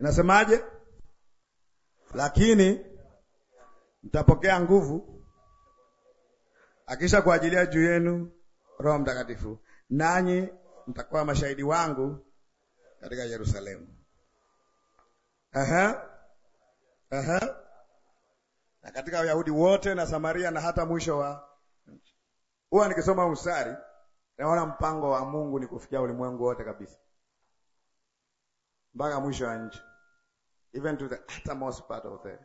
Inasemaje? Lakini mtapokea nguvu akisha kuajilia juu yenu Roho Mtakatifu, nanyi mtakuwa mashahidi wangu katika Yerusalemu. Aha. Aha. Na katika Wayahudi wote na Samaria na hata mwisho wa nchi. Huwa nikisoma mstari naona mpango wa Mungu ni kufikia ulimwengu wote kabisa mpaka mwisho wa nchi, even to the uttermost part of the,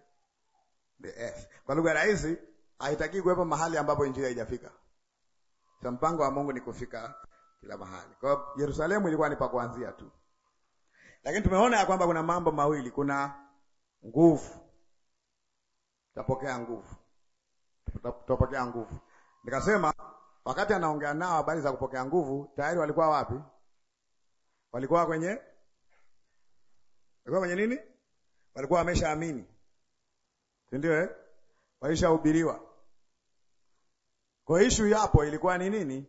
the earth. Kwa lugha rahisi, haitaki kuwepo mahali ambapo injili haijafika. Sa mpango wa Mungu ni kufika kila mahali. Kwa hiyo Yerusalemu ilikuwa ni pa kuanzia tu, lakini tumeona ya kwamba kuna mambo mawili, kuna nguvu, tapokea nguvu, tapokea nguvu. Nikasema wakati anaongea nao habari za kupokea nguvu, tayari walikuwa wapi? Walikuwa kwenye Walikuwa kwenye nini? Walikuwa wameshaamini, si ndio eh? Walishahubiriwa. Kwa issue yapo ilikuwa ni nini?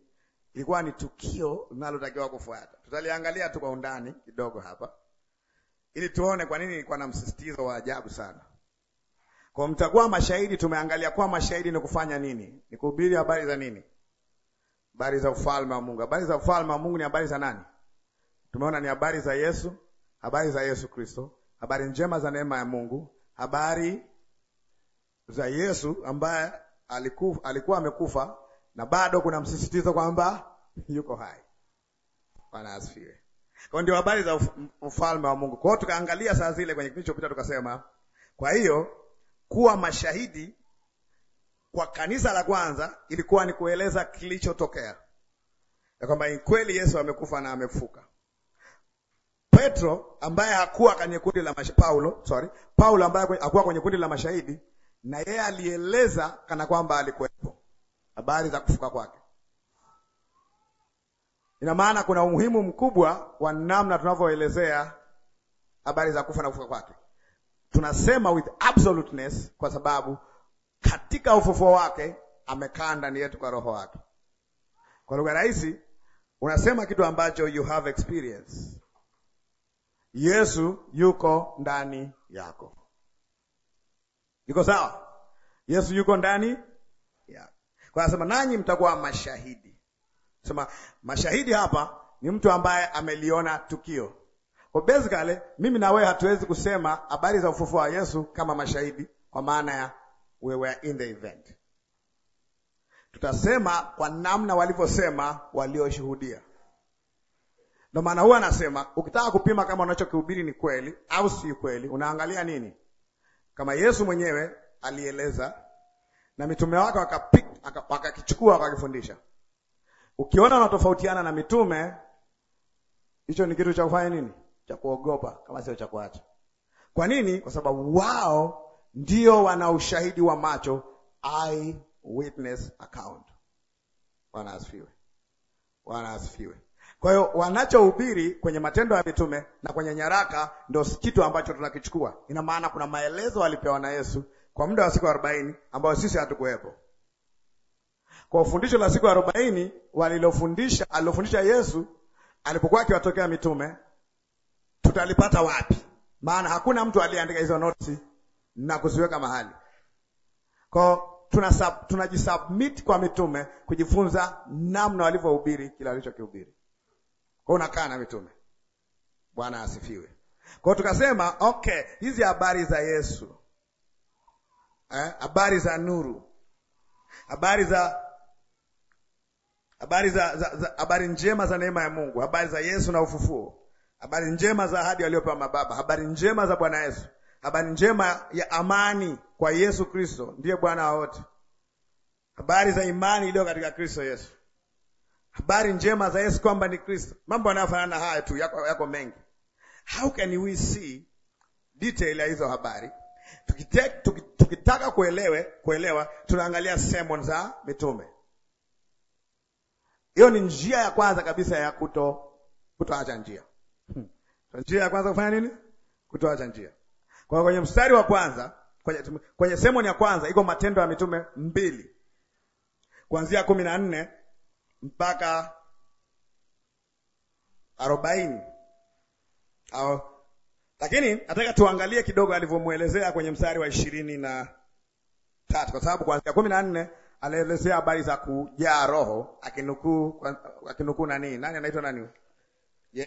Ilikuwa ni tukio linalotakiwa kufuata. Tutaliangalia tu kwa undani kidogo hapa ili tuone kwa nini ilikuwa na msisitizo wa ajabu sana. Kwa mtakuwa mashahidi, tumeangalia kwa mashahidi ni kufanya nini? Ni kuhubiri habari za nini? Habari za ufalme wa Mungu. Habari za ufalme wa Mungu ni habari za nani? Tumeona ni habari za Yesu habari za Yesu Kristo, habari njema za neema ya Mungu, habari za Yesu ambaye alikuwa amekufa na bado kuna msisitizo kwamba yuko hai. Bwana asifiwe. Kwa ndio habari za ufalme wa Mungu. Kwa hiyo tukaangalia saa zile kwenye kipindi chopita, tukasema kwa hiyo kuwa mashahidi kwa kanisa la kwanza ilikuwa ni kueleza kilichotokea, ya kwamba kweli Yesu amekufa na amefuka. Petro ambaye hakuwa kwenye kundi la mashahidi, Paulo, sorry, Paulo ambaye hakuwa kwenye kundi la mashahidi, na yeye alieleza kana kwamba alikuwepo habari za kufuka kwake. Ina maana kuna umuhimu mkubwa wa namna tunavyoelezea habari za kufa na kufuka kwake. Tunasema with absoluteness kwa sababu katika ufufuo wake amekaa ndani yetu kwa roho wake. Kwa lugha rahisi, unasema kitu ambacho you have experience Yesu yuko ndani yako. Yuko sawa? Yesu yuko ndani yako. Kwa anasema nanyi mtakuwa mashahidi. Sema mashahidi hapa ni mtu ambaye ameliona tukio. Kwa basically mimi na wewe hatuwezi kusema habari za ufufuo wa Yesu kama mashahidi kwa maana ya we were in the event. Tutasema kwa namna walivyosema walioshuhudia. Ndio maana huwa anasema ukitaka kupima kama unachokihubiri ni kweli au si kweli, unaangalia nini? Kama Yesu mwenyewe alieleza na mitume wake wakakichukua waka wakakifundisha. Ukiona unatofautiana na mitume, hicho ni kitu cha kufanya nini? Cha kuogopa, kama sio cha kuacha. Kwa nini? Kwa sababu wao ndio wana ushahidi wa macho, eye witness account. Bwana asifiwe, Bwana asifiwe. Kwa hiyo wanachohubiri kwenye Matendo ya Mitume na kwenye nyaraka ndio kitu ambacho tunakichukua. Ina maana kuna maelezo alipewa na Yesu kwa muda wa siku 40 ambayo sisi hatukuwepo. Kwa ufundisho la siku 40 walilofundisha alilofundisha Yesu alipokuwa akiwatokea mitume, tutalipata wapi? Maana hakuna mtu aliyeandika hizo notes na kuziweka mahali kwa tunajisubmit kwa mitume kujifunza namna walivyohubiri kila walichokihubiri. Kwa unakaa na mitume. Bwana asifiwe. Kwa tukasema okay, hizi habari za Yesu eh, habari za nuru, habari za habari za, za, za habari njema za neema ya Mungu, habari za Yesu na ufufuo, habari njema za ahadi waliopewa mababa, habari njema za Bwana Yesu, habari njema ya amani kwa Yesu Kristo ndiye Bwana wa wote, habari za imani iliyo katika Kristo Yesu habari njema za Yesu kwamba ni Kristo. Mambo yanayofanana haya tu yako, yako mengi. How can we see detail ya hizo habari? Tukite, tukitaka kuelewe kuelewa tunaangalia sermon za mitume. Hiyo ni njia ya kwanza kabisa ya kuto kutoacha njia. Hmm. Njia ya kwanza kufanya nini? Kutoacha njia. Kwa kwenye mstari wa kwanza kwenye, kwenye sermon ya kwanza iko matendo ya mitume mbili kuanzia kumi na nne mpaka arobaini au, lakini nataka tuangalie kidogo alivyomwelezea kwenye mstari wa ishirini na tatu kwa sababu kuanzia kumi na nne alielezea habari za kujaa Roho akinukuu akinukuu nani nani anaitwa nani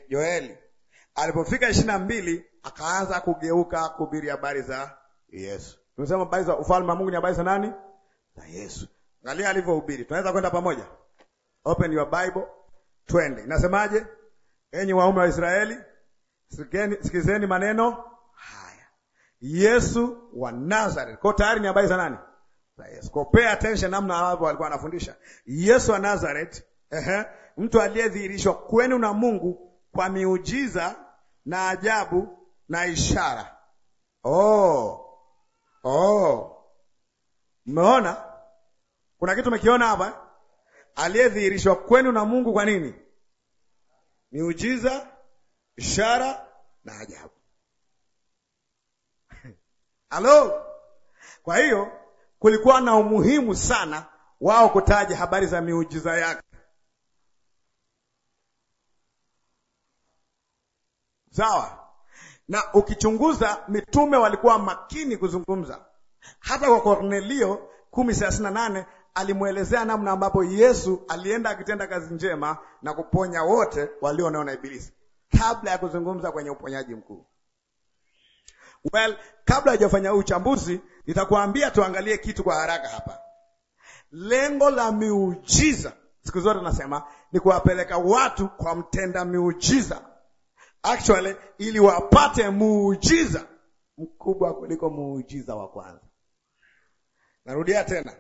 Yoeli. Alipofika ishirini na mbili akaanza kugeuka kuhubiri habari za Yesu. Tumesema habari za ufalme wa Mungu ni habari za nani? Za Yesu. Angalia alivyohubiri, tunaweza kwenda pamoja. Open your Bible, twende. Inasemaje? Enyi waume wa Israeli, sikizeni maneno haya, Yesu wa Nazareth. Kwa tayari ni habari za nani? Za Yesu. Kwa pay attention namna ambavyo alikuwa anafundisha. Yesu wa Nazareth, ehe, mtu aliyedhihirishwa kwenu na Mungu kwa miujiza na ajabu na ishara. Oh. Oh. Umeona? Kuna kitu umekiona hapa? eh? aliyedhihirishwa kwenu na Mungu kwa nini? Miujiza, ishara na ajabu. Halo. Kwa hiyo kulikuwa na umuhimu sana wao kutaja habari za miujiza yake. Sawa. Na ukichunguza mitume walikuwa makini kuzungumza, hata kwa Kornelio kumi alimwelezea namna ambapo Yesu alienda akitenda kazi njema na kuponya wote walionewa na Ibilisi kabla ya kuzungumza kwenye uponyaji mkuu. Well, kabla hajafanya uchambuzi, nitakwambia tuangalie kitu kwa haraka hapa. Lengo la miujiza siku zote nasema ni kuwapeleka watu kwa mtenda miujiza, actually ili wapate muujiza mkubwa kuliko muujiza wa kwanza. Narudia tena,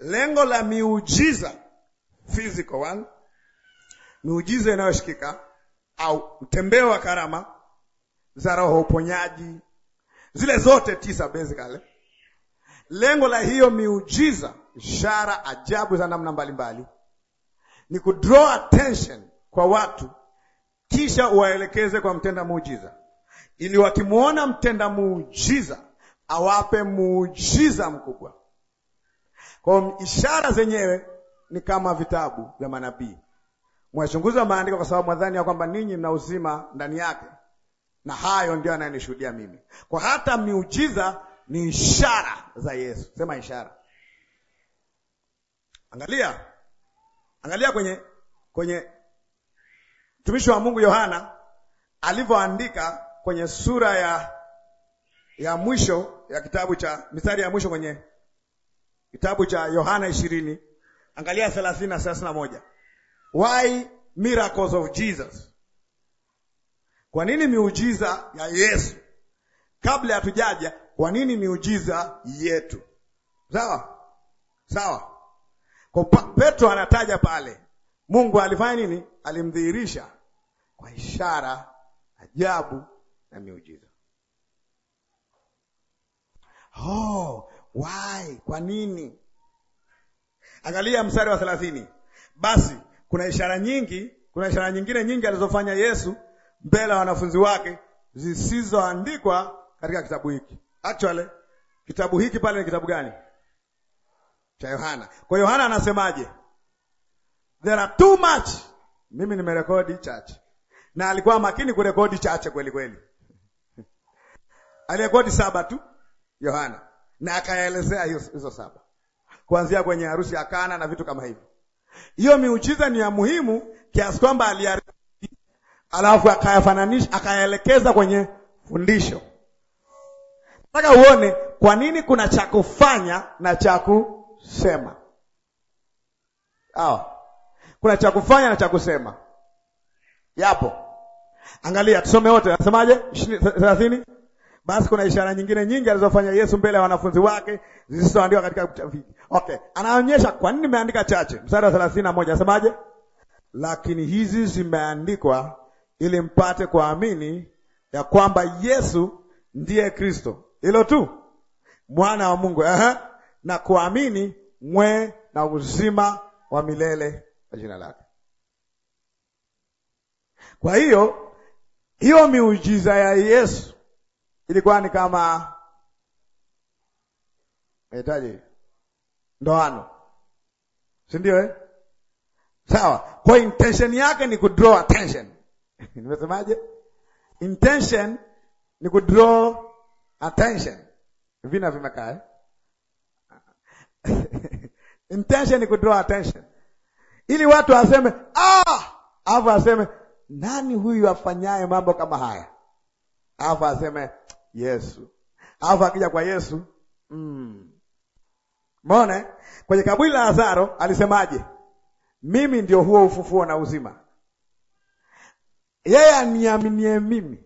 Lengo la miujiza physical one, miujiza inayoshikika au mtembeo wa karama za roho, uponyaji, zile zote tisa basically. Lengo la hiyo miujiza, ishara, ajabu za namna mbalimbali ni kudraw attention kwa watu, kisha uwaelekeze kwa mtenda muujiza, ili wakimwona mtenda muujiza awape muujiza mkubwa. Kwa ishara zenyewe ni kama vitabu vya manabii. Mwachunguza maandiko kwa sababu mwadhani ya kwamba ninyi mna uzima ndani yake, na hayo ndio anayenishuhudia mimi. Kwa hata miujiza ni ishara za Yesu. Sema ishara. Angalia, angalia kwenye kwenye mtumishi wa Mungu Yohana alivyoandika kwenye sura ya ya mwisho ya kitabu cha mistari ya mwisho kwenye Kitabu cha Yohana 20 angalia thelathini na Why miracles of Jesus? Kwa nini miujiza ya Yesu? Kabla hatujaja, kwa nini miujiza yetu? Sawa sawa. Kwa Petro anataja pale, Mungu alifanya nini? Alimdhihirisha kwa ishara, ajabu na miujiza. Oh, Why? Kwa nini? Angalia mstari wa thelathini. Basi kuna ishara nyingi, kuna ishara nyingine nyingi alizofanya Yesu mbele ya wanafunzi wake zisizoandikwa katika kitabu hiki. Actually, kitabu hiki pale ni kitabu gani? Cha Yohana. Kwa Yohana anasemaje? There are too much. Mimi nimerekodi chache, na alikuwa makini kurekodi chache kweli kweli. Alirekodi saba tu Yohana na akaelezea hizo saba, kuanzia kwenye harusi ya Kana na vitu kama hivyo. Hiyo miujiza ni ya muhimu kiasi kwamba aliarifu, alafu akayafananisha, akaelekeza kwenye fundisho. Nataka uone kwa nini kuna cha kufanya na cha kusema. Sawa, kuna cha kufanya na cha kusema, yapo. Angalia, tusome wote. Anasemaje? thelathini basi kuna ishara nyingine nyingi alizofanya Yesu mbele ya wanafunzi wake zisizoandikwa katika kitabu hiki. Okay, anaonyesha kwa nini nimeandika chache. Mstari wa 31 asemaje? Lakini hizi zimeandikwa ili mpate kuamini ya kwamba Yesu ndiye Kristo, hilo tu, mwana wa Mungu. Aha. Na kuamini mwe na uzima wa milele kwa jina lake. Kwa hiyo hiyo miujiza ya Yesu ilikuwa ni kama metaje ndoano, si ndio eh? Sawa. Kwa intention yake ni kudraw attention nimesemaje? Intention ni kudraw attention, vina vimekaa eh? intention ni kudraw attention ili watu waseme ah, alafu aseme nani huyu afanyaye mambo kama haya, alafu aseme Yesu. Alafu akija kwa Yesu mm. kwenye kaburi la Lazaro alisemaje? Mimi ndio huo ufufuo na uzima, yeye aniaminie mimi,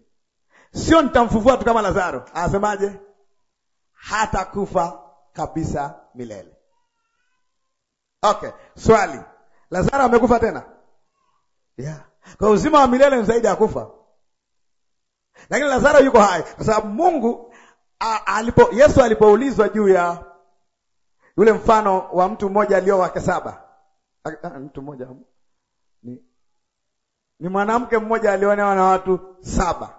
sio nitamfufua tu kama Lazaro. Anasemaje? hata kufa kabisa milele. Okay, swali, Lazaro amekufa tena? Yeah, kwa uzima wa milele ni zaidi ya kufa lakini Lazaro yuko hai, kwa sababu Mungu alipo, Yesu alipoulizwa juu ya yule mfano wa mtu mmoja alio wake saba, mtu mmoja ni, ni mwanamke mmoja alionewa na watu saba.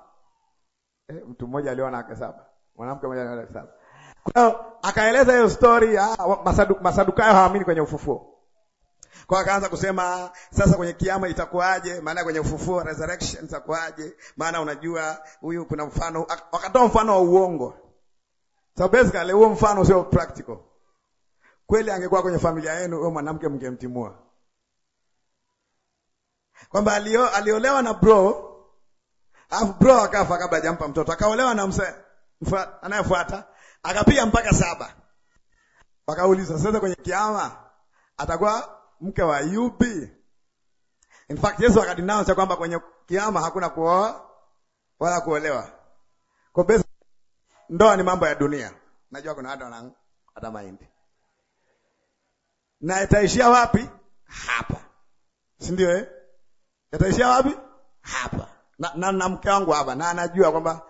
E, mtu mmoja alionewa wake saba, mwanamke mmoja alionewa na wake saba. Kwa akaeleza hiyo story. Ah, Masadukayo hawaamini kwenye ufufuo kwa akaanza kusema sasa kwenye kiama itakuwaje? Maana kwenye ufufuo resurrection itakuwaje? Maana unajua huyu kuna mfano, wakatoa mfano wa uongo. So basically huo mfano sio practical. Kweli angekuwa kwenye familia yenu, huyo mwanamke mngemtimua. Kwamba alio, aliolewa na bro, alafu bro akafa kabla hajampa mtoto. Akaolewa na mse anayefuata, akapiga mpaka saba. Wakauliza sasa kwenye kiama atakuwa mke wa Ayubi. In fact Yesu akadinaosa kwamba kwenye kiama hakuna kuoa wala kuolewa. Kwa basi ndoa ni mambo ya dunia. Najua kuna watu wana hata mahindi. Na itaishia wapi? Hapa. Si ndio eh? Itaishia wapi? Hapa. Na, na, na mke wangu hapa na anajua kwamba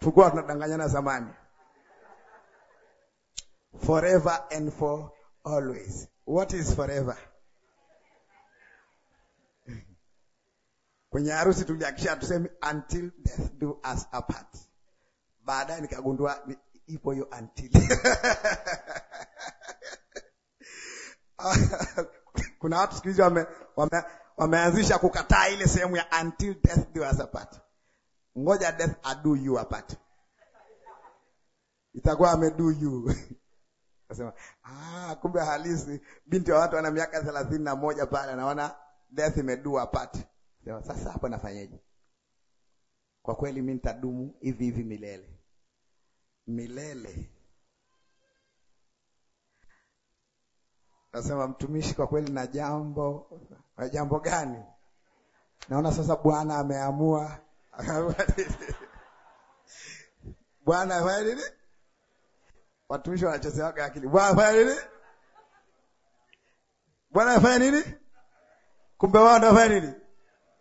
tukua tunadanganyana zamani. Forever and for always. What is forever? Kwenye harusi tuliakisha tuseme until death do us apart. Baadaye nikagundua ni, ipo hiyo until. Kuna watu siku hizi wame, wame, wameanzisha kukataa ile sehemu ya until death do us apart. Ngoja death adu you apart. Itakuwa amedu you. Akasema, ah, kumbe halisi binti wa watu ana miaka thelathini na moja pale anaona death imedua apart. Sema sasa hapo nafanyaje? Kwa kweli mimi nitadumu hivi hivi milele. Milele. Nasema mtumishi, kwa kweli na jambo na jambo gani? Naona sasa Bwana ameamua. Bwana afanye nini? Watumishi wanachezeaga akili. Bwana afanya nini? Bwana afanya nini? Kumbe wao ndio afanya nini?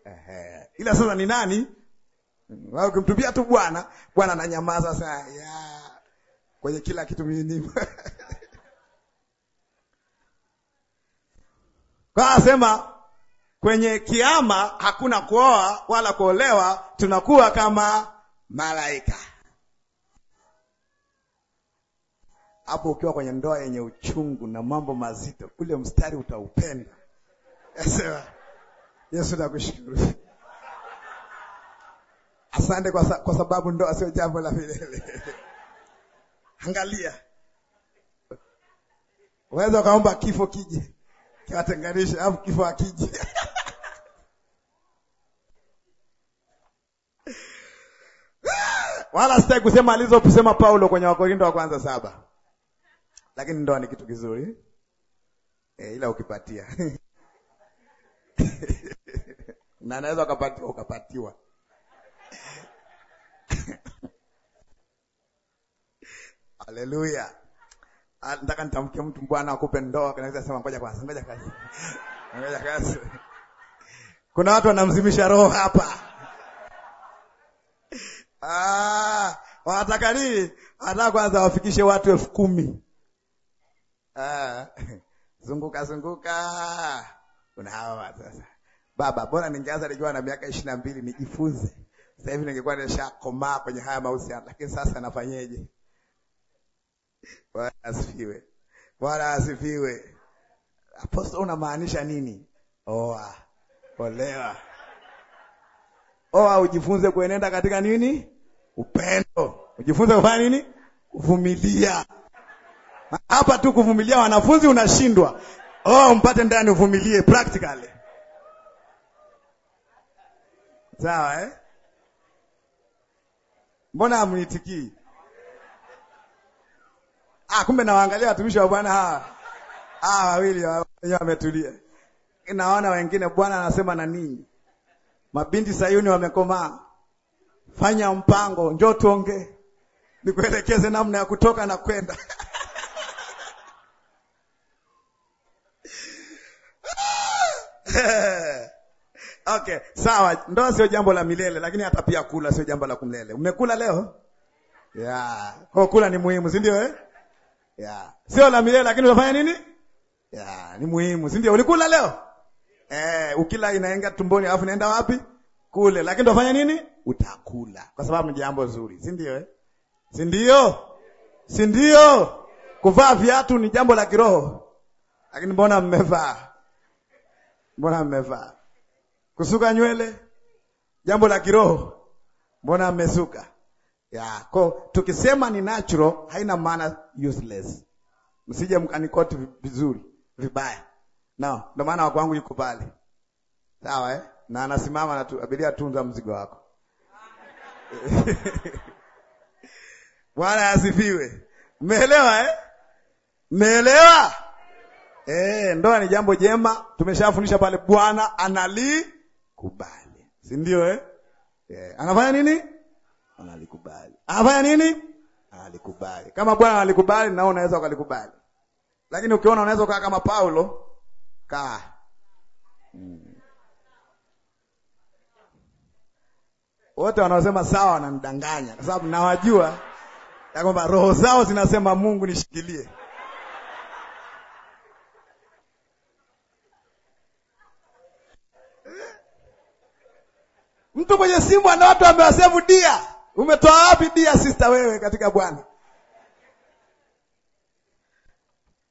Ehe. Ila sasa ni nani? Wao kumtupia tu Bwana, Bwana ananyamaza sasa. Ya. Kwenye kila kitu mimi. Kwa asema kwenye kiama hakuna kuoa wala kuolewa, tunakuwa kama malaika. hapo ukiwa kwenye ndoa yenye uchungu na mambo mazito, ule mstari utaupenda. Sema Yesu, nakushukuru, asante kwa, kwa sababu ndoa sio jambo la milele. Angalia, unaweza ukaomba kifo kije kiwatenganishe, au kifo akije wala sitaki kusema alizokusema Paulo kwenye Wakorinto wa kwanza saba lakini ndoa ni kitu kizuri eh, ila ukipatia na naweza ukapatiwa ukapatiwa Haleluya. Ah, nataka nitamkie mtu Bwana akupe ndoa, kanaweza sema ngoja kwanza, ngoja kazi. Ngoja kazi. Kuna watu wanamzimisha roho hapa. Ah, wanataka nini? Anataka kwanza wafikishe watu elfu kumi. Ah, zunguka zunguka. Unahawa sasa. Baba, bora ningeanza nikiwa na miaka ishirini na mbili nijifunze. Sasa hivi ningekuwa nishakomaa kwenye haya mahusiano, lakini sasa nafanyeje? Bwana asifiwe. Bwana asifiwe. Apostle, unamaanisha nini? Oa. Olewa. Oa, ujifunze kuenenda katika nini? Upendo. Ujifunze kufanya nini? Kuvumilia. Hapa tu kuvumilia wanafunzi unashindwa. Oh, mpate ndani uvumilie practically. Sawa eh? Mbona hamnitikii? Ah, kumbe nawaangalia watumishi wa Bwana hawa. Ah, wawili wenyewe wametulia. Naona wengine Bwana anasema na ninyi. Mabinti Sayuni wamekomaa. Fanya mpango, njoo tuongee. Nikuelekeze namna ya kutoka na kwenda. Okay, sawa. Ndoa sio jambo la milele, lakini hata pia kula sio jambo la kumlele. Umekula leo? Yeah. Ho, kula ni muhimu, si ndio eh? Yeah. Sio la milele lakini unafanya nini? Yeah, ni muhimu, si ndio? Ulikula leo? Eh, ukila inaenga tumboni alafu naenda wapi? Kule. Lakini unafanya nini? Utakula. Kwa sababu ni jambo zuri, si ndio eh? Si ndio? Si ndio? Kuvaa viatu ni jambo la kiroho. Lakini mbona mmevaa? mbona mmevaa? Kusuka nywele jambo la kiroho, mbona mmesuka? kwa tukisema ni natural, haina maana useless. Msije mkanikoti vizuri vibaya, no, ndio maana wako wangu yuko pale, sawa eh? na anasimama na abiria, tunza mzigo wako Bwana asifiwe. Umeelewa eh? Umeelewa? Eh, ndoa ni jambo jema, tumeshafundisha pale. Bwana analikubali, si ndio eh? Eh, anafanya nini? Analikubali. Anafanya nini? Analikubali. Kama Bwana analikubali, nao unaweza ukalikubali, lakini ukiona unaweza ukaa kama Paulo kaa hmm. Wote wanaosema sawa wananidanganya, kwa sababu nawajua ya kwamba roho zao zinasema Mungu nishikilie. Mtu mwenye simu ana watu amewasevu dia. Umetoa wapi dia sister wewe katika Bwana?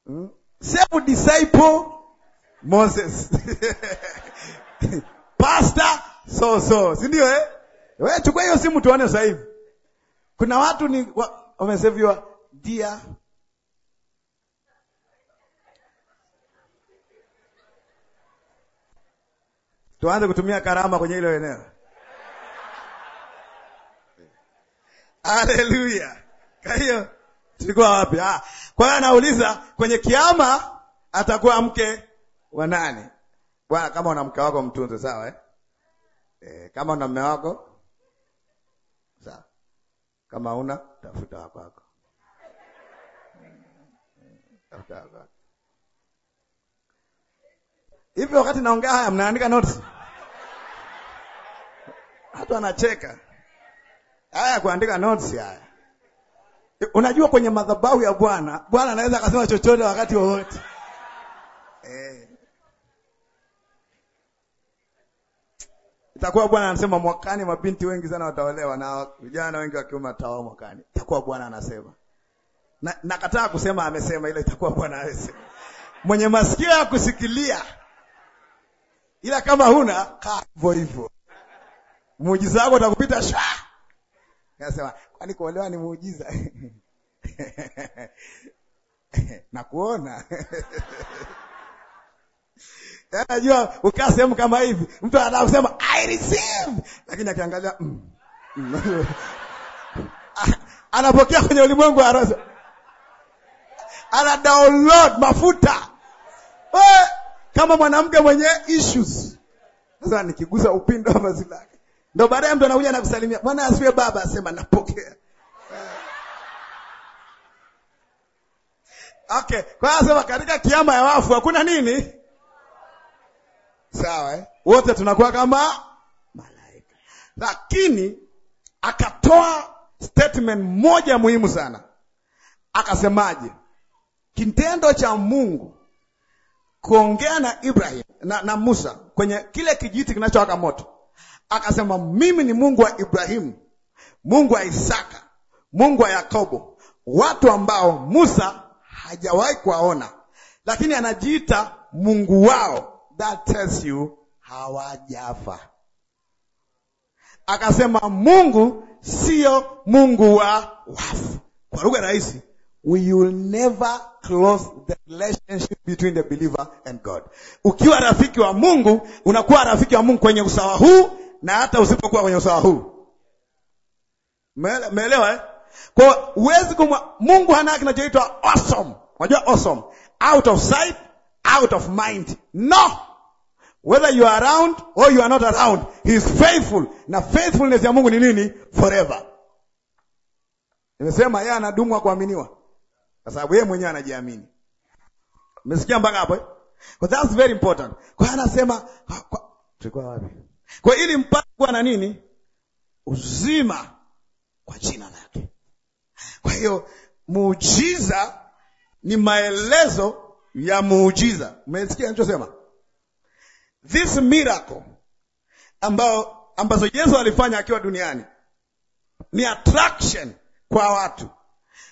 Hmm? Sevu disciple Moses. Pastor so so, si ndio eh? Wewe chukua hiyo simu tuone sasa hivi. Kuna watu ni wa, wameseviwa dia tuanze kutumia karama kwenye hilo eneo. Haleluya! Kwa hiyo tulikuwa wapi? Ah, kwa hiyo anauliza kwenye kiama atakuwa mke wa nani? Bwana, kama una mke wako mtunze, sawa eh? Eh, kama una mume wako sawa, kama una tafuta wako wako hivyo. Wakati naongea haya, mnaandika notes, watu anacheka haya kuandika notes haya. Unajua, kwenye madhabahu ya Bwana, Bwana anaweza akasema chochote wakati wowote eh. Itakuwa Bwana anasema mwakani mabinti wengi sana wataolewa na vijana wengi wa kiume wataoa mwakani. Itakuwa Bwana anasema na, nakataa kusema amesema, ila itakuwa Bwana amesema. Mwenye masikio ya kusikilia, ila kama huna kaa hivyo hivyo, muujiza wako utakupita shaa Nasema kwani kuolewa ni muujiza? na kuona najua ukaa sehemu kama hivi, mtu anakusema I receive, lakini akiangalia mm, mm. anapokea kwenye ulimwengu wa roho, ana download mafuta we, kama mwanamke mwenye issues. Sasa nikigusa upindo wa mazilaka ndio baadaye mtu anakuja anakusalimia, bwana asifiwe baba, asema napokea. Okay, kwa hiyo asema katika kiama ya wafu hakuna nini? Sawa eh? Wote tunakuwa kama malaika. Lakini akatoa statement moja muhimu sana. Akasemaje? Kitendo cha Mungu kuongea na Ibrahim na, na Musa kwenye kile kijiti kinachowaka moto akasema, mimi ni Mungu wa Ibrahimu, Mungu wa Isaka, Mungu wa Yakobo, watu ambao Musa hajawahi kuwaona, lakini anajiita Mungu wao. That tells you hawajafa. Akasema Mungu sio Mungu wa wafu. Kwa lugha rahisi, we will never close the relationship between the believer and God. Ukiwa rafiki wa Mungu, unakuwa rafiki wa Mungu kwenye usawa huu na hata usipokuwa kwenye usawa huu. Umeelewa eh? Kwa huwezi kumwa Mungu hana kinachoitwa awesome. Unajua awesome, out of sight, out of mind. No. Whether you are around or you are not around, he is faithful. Na faithfulness ya Mungu ni nini? Forever. Nimesema yeye anadumu kuaminiwa. Kwa sababu yeye mwenyewe anajiamini. Umesikia mpaka hapo eh? Well, that's very important. Kwa anasema tulikuwa wapi? kwa ili mpate kuwa na nini uzima kwa jina lake kwa hiyo muujiza ni maelezo ya muujiza umesikia nichosema this miracle ambao ambazo Yesu alifanya akiwa duniani ni attraction kwa watu,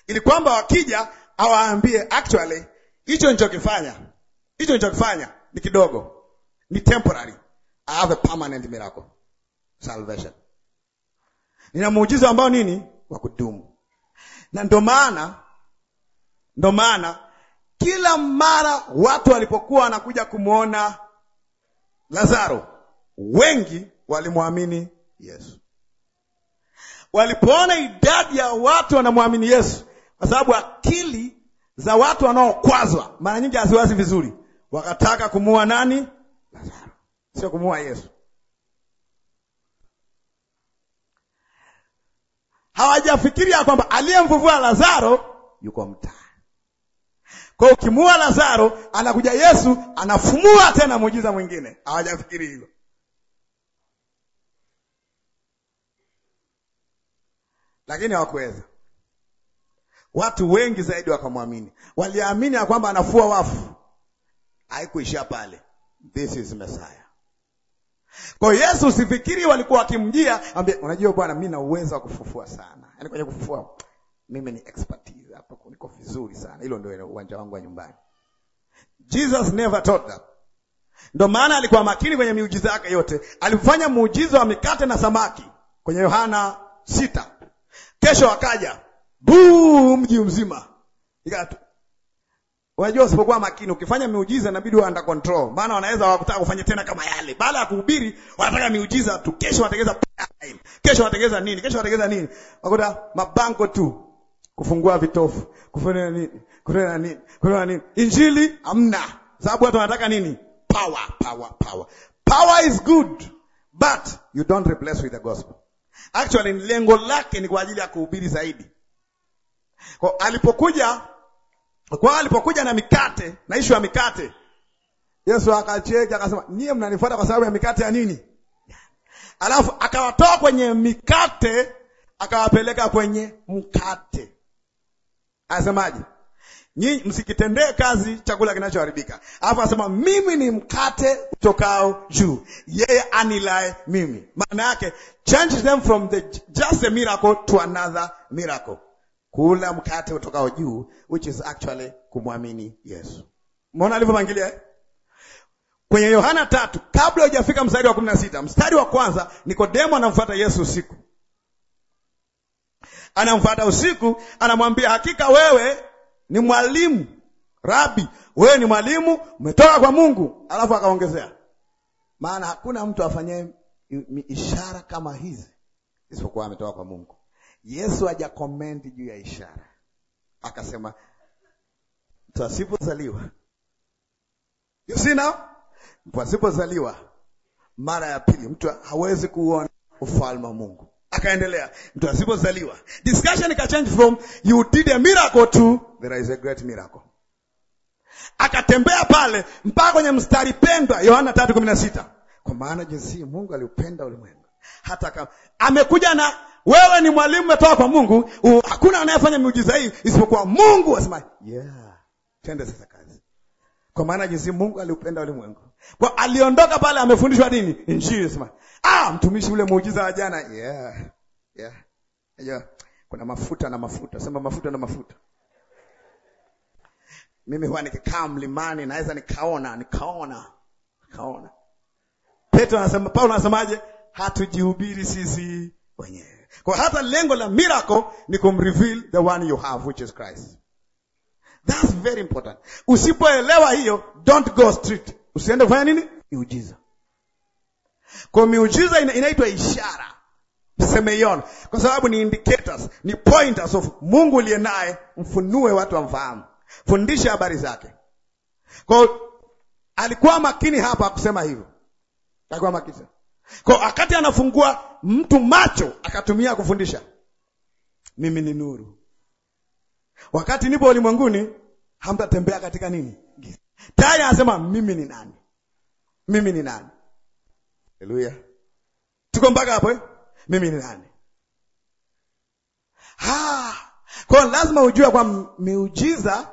ili kwamba wakija awaambie actually, hicho nilichokifanya, hicho nilichokifanya ni kidogo, ni temporary, I have a permanent miracle. Salvation. Nina muujiza ambao nini? Wa kudumu. Na ndo maana ndo maana kila mara watu walipokuwa wanakuja kumwona Lazaro, wengi walimwamini Yesu. Walipoona idadi ya watu wanamwamini Yesu, kwa sababu akili za watu wanaokwazwa mara nyingi haziwazi vizuri, wakataka kumuua nani? Lazaro sio kumua Yesu. Hawajafikiria kwamba aliyemvuvua Lazaro yuko mtaa. Kwa ukimua Lazaro, anakuja Yesu anafumua tena muujiza mwingine. Hawajafikiri hilo. Lakini hawakuweza. Watu wengi zaidi wakamwamini, waliamini ya kwamba anafua wafu. Haikuishia pale, this is Messiah. Kwa hiyo Yesu usifikiri walikuwa wakimjia, ambie unajua bwana mimi na uwezo wa kufufua sana. Yaani kwenye kufufua mimi ni expertise hapa kuniko vizuri sana. Hilo ndio uwanja wangu wa nyumbani. Jesus never taught that. Ndio maana alikuwa makini kwenye miujiza yake yote. Alifanya muujiza wa mikate na samaki kwenye Yohana sita. Kesho akaja buu mji mzima. Ikatu Unajua usipokuwa makini ukifanya miujiza inabidi uwe under control. Maana wanaweza wakutaka kufanya tena kama yale. Baada ya kuhubiri wanataka miujiza tu. Kesho watengeza time. Kesho watengeza nini? Kesho watengeza nini? Wakuta mabango tu. Kufungua vitofu, kufanya nini? Kufanya nini? Kufanya nini? Injili hamna. Sababu watu wanataka nini? Power, power, power. Power is good, but you don't replace with the gospel. Actually lengo lake ni kwa ajili ya kuhubiri zaidi. Kwa alipokuja kwa hiyo alipokuja na mikate na ishu ya mikate, Yesu akacheka akasema, nyie mnanifuata kwa sababu ya mikate ya nini? Alafu akawatoa kwenye mikate akawapeleka kwenye mkate. Anasemaje? Nyinyi msikitendee kazi chakula kinachoharibika. Alafu anasema mimi ni mkate utokao juu, yeye anilae mimi. Maana yake change them from the just a miracle to another miracle kula mkate utokao juu, which is actually kumwamini Yesu. Umeona alivyopangilia eh? kwenye Yohana tatu, kabla hujafika mstari wa kumi na sita. Mstari wa kwanza, Nikodemo anamfuata Yesu usiku, anamfuata usiku, anamwambia hakika wewe ni mwalimu Rabi, wewe ni mwalimu umetoka kwa Mungu. Alafu akaongezea, maana hakuna mtu afanyaye ishara kama hizi isipokuwa ametoka kwa Mungu. Yesu haja comment juu ya ishara, akasema mtu asipozaliwa see mtu asipozaliwa mara ya pili mtu hawezi kuona ufalme wa Mungu. Akaendelea, mtu asipozaliwa, discussion ikachange from you did a miracle to there is a great miracle. Akatembea pale mpaka kwenye mstari pendwa Yohana 3:16, kwa maana jinsi Mungu aliupenda ulimwengu hata kama amekuja na wewe ni mwalimu umetoka kwa Mungu, hakuna anayefanya miujiza hii isipokuwa Mungu. Asema yeah, twende sasa kazi, kwa maana jinsi Mungu aliupenda ulimwengu. Kwa aliondoka pale, amefundishwa nini? Injili. Asema ah, mtumishi ule muujiza wa jana yeah. Yeah. Yeah. Kuna mafuta na mafuta, sema mafuta na mafuta. Mimi huwa nikikaa mlimani naweza nikaona nikaona nikaona. Petro anasema, Paulo anasemaje? Hatujihubiri sisi wenyewe kwa hata lengo la miracle ni kumreveal the one you have which is Christ. That's very important. Usipoelewa hiyo, don't go straight. Usiende kufanya nini? Miujiza. Kwa miujiza ina, inaitwa ishara semeyon kwa sababu ni indicators, ni pointers of Mungu uliye naye, mfunue watu wamfahamu, fundisha habari zake. Kwa alikuwa makini hapa kusema hivyo, alikuwa makini kwa wakati anafungua mtu macho akatumia kufundisha, mimi ni nuru. Wakati nipo ulimwenguni hamtatembea katika nini? Tayari anasema mimi ni nani? Mimi ni nani? Haleluya. Tuko mpaka hapo eh? Mimi ni nani? Ha! Ah, kwa lazima ujue kwa miujiza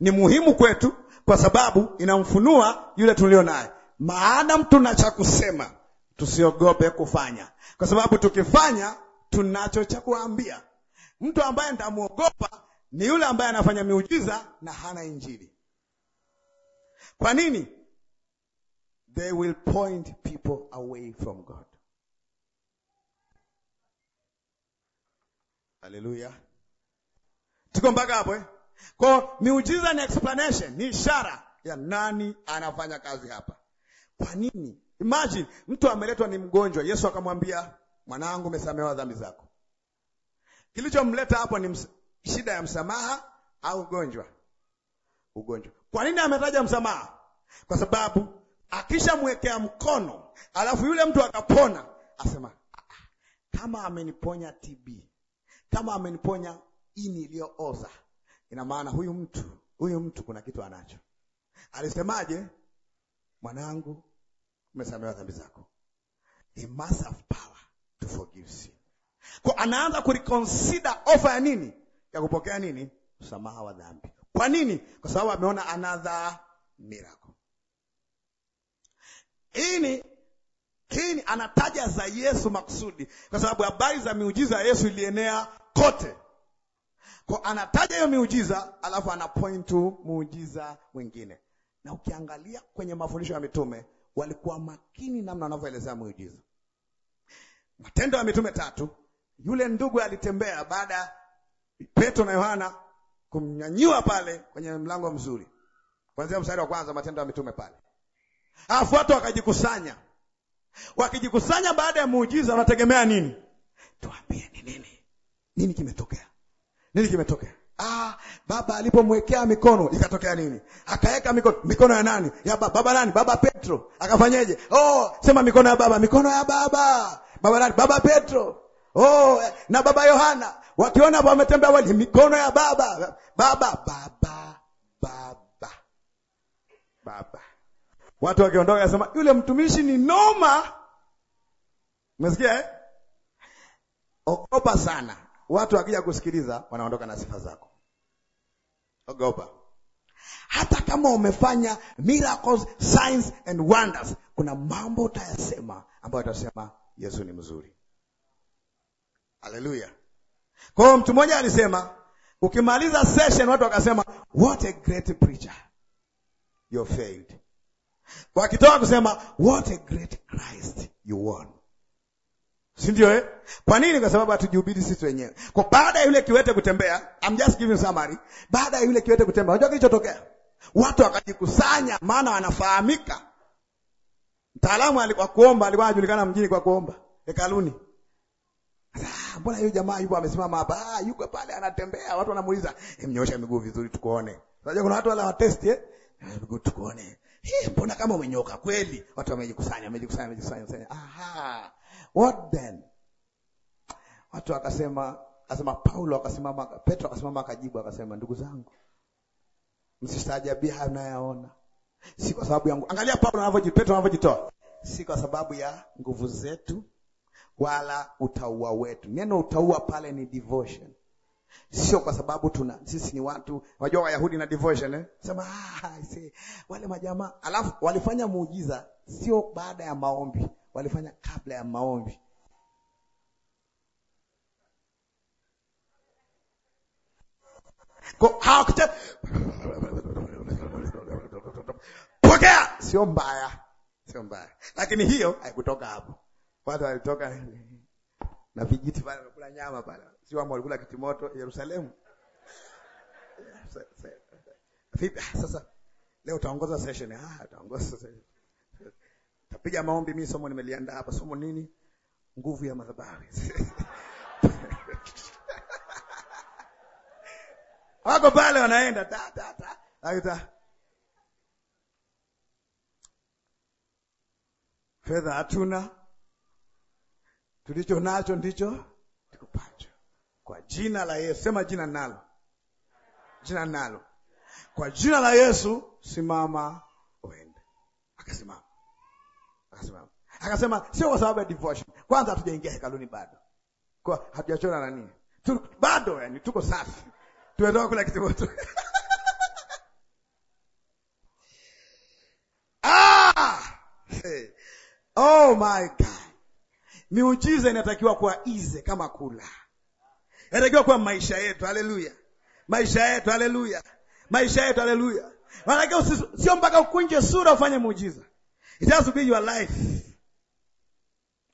ni muhimu kwetu kwa sababu inamfunua yule tulio naye. mtu na cha kusema Tusiogope kufanya, kwa sababu tukifanya tunacho cha kuambia. Mtu ambaye nitamwogopa ni yule ambaye anafanya miujiza na hana Injili. Kwa nini? They will point people away from God. Haleluya, tuko mpaka hapo eh? Kwa miujiza ni explanation, ni ishara ya nani anafanya kazi hapa. Kwa nini Imagine mtu ameletwa ni mgonjwa, Yesu akamwambia mwanangu, umesamewa dhambi zako. Kilichomleta hapo ni shida ya msamaha au ugonjwa? Ugonjwa. Kwa nini ametaja msamaha? Kwa sababu akishamwekea mkono alafu yule mtu akapona, asema ah, kama ameniponya TB, kama ameniponya ini iliyooza, ina maana huyu mtu huyu mtu kuna kitu anacho. Alisemaje? Mwanangu, umesamewa dhambi zako. He must have power to forgive sin. Kwa anaanza kureconsider ofa ya nini ya kupokea nini msamaha wa dhambi. Kwa nini? Kwa sababu ameona another miracle. Hii ni anataja za Yesu makusudi, kwa sababu habari za miujiza ya Yesu ilienea kote. Kwa anataja hiyo miujiza, alafu anapoint muujiza mwingine, na ukiangalia kwenye mafundisho ya mitume walikuwa makini namna wanavyoelezea muujiza Matendo ya Mitume tatu, yule ndugu alitembea baada ya Petro na Yohana kumnyanyua pale kwenye mlango mzuri, kwanzia mstari wa kwanza, Matendo ya Mitume pale. Alafu watu wakajikusanya, wakijikusanya baada ya muujiza wanategemea nini? Tuambie ni nini, nini kimetokea, nini kimetokea Ah, baba alipomwekea mikono ikatokea nini? Akaweka mikono, mikono ya nani? Ya baba, baba nani? Baba Petro. Akafanyeje? Oh, sema mikono ya baba, mikono ya baba. Baba nani? Baba Petro. Oh, na baba Yohana. Wakiona hapo wametembea wali mikono ya baba. Baba, baba, baba. Baba. Watu wakiondoka nasema yule mtumishi ni noma. Umesikia eh? Okopa sana. Watu wakija kusikiliza wanaondoka na sifa zako ogopa. Hata kama umefanya miracles, signs and wonders, kuna mambo utayasema ambayo utasema Yesu ni mzuri. Haleluya! Kwa hiyo mtu mmoja alisema, ukimaliza session watu wakasema, what a great preacher you failed, wakitoka kusema what a great Christ you won si ndio eh? Kwa nini? Kwa sababu hatujihubiri sisi wenyewe. Kwa baada ya yule kiwete kutembea, I'm just giving summary. Baada ya yule kiwete kutembea, unajua kilichotokea? Watu wakajikusanya, maana wanafahamika. Mtaalamu alikuwa kuomba, alikuwa anajulikana mjini kwa kuomba hekaluni. Sasa mbona yule jamaa yupo amesimama hapa? Ah, yuko pale anatembea, watu wanamuuliza, "Mnyoosha miguu vizuri tukuone." Unajua kuna watu wala wa test eh? Miguu tukuone. Eh, mbona kama umenyoka kweli? Watu wamejikusanya, wamejikusanya, wamejikusanya. Aha. What then? Watu akasema, akasema Paulo akasimama, Petro akasimama akajibu akasema, ndugu zangu, msistaajabia hayo nayaona, si kwa sababu yangu. Angalia Paulo anavyoji Petro anavyojitoa, si kwa sababu ya nguvu zetu wala utaua wetu. Neno utaua pale ni devotion, sio kwa sababu tuna sisi ni watu wajua, Wayahudi na devotion eh? Sema ah, see, wale majamaa alafu walifanya muujiza sio baada ya maombi walifanya kabla ya maombi. Hawakuta pokea, sio mbaya, sio mbaya, lakini hiyo haikutoka hapo. Watu walitoka na vijiti pale, wakula nyama pale, sio ama walikula kitimoto Yerusalemu. Vipi sasa leo utaongoza session? Ah, utaongoza session Tapiga maombi mimi, somo nimeliandaa hapa. Somo nini? Nguvu ya madhabahu. Wako pale wanaenda ta ta ta. Akita. Fedha hatuna. Tulicho nacho ndicho tukupacho. Kwa jina la Yesu, sema jina nalo. Jina nalo. Kwa jina la Yesu, simama uende. Akasimama akasimama, akasema sio kwa sababu ya devotion. Kwanza hatujaingia hekaluni bado, kwa hatujachona nani tu, bado yani tuko safi, tumetoka kula kitimoto ah! Hey. Oh my God, miujiza inatakiwa kuwa ize kama kula, inatakiwa kuwa maisha yetu. Haleluya, maisha yetu, haleluya, maisha yetu, haleluya. Maanake sio mpaka ukunje sura ufanye muujiza. It has to be your life.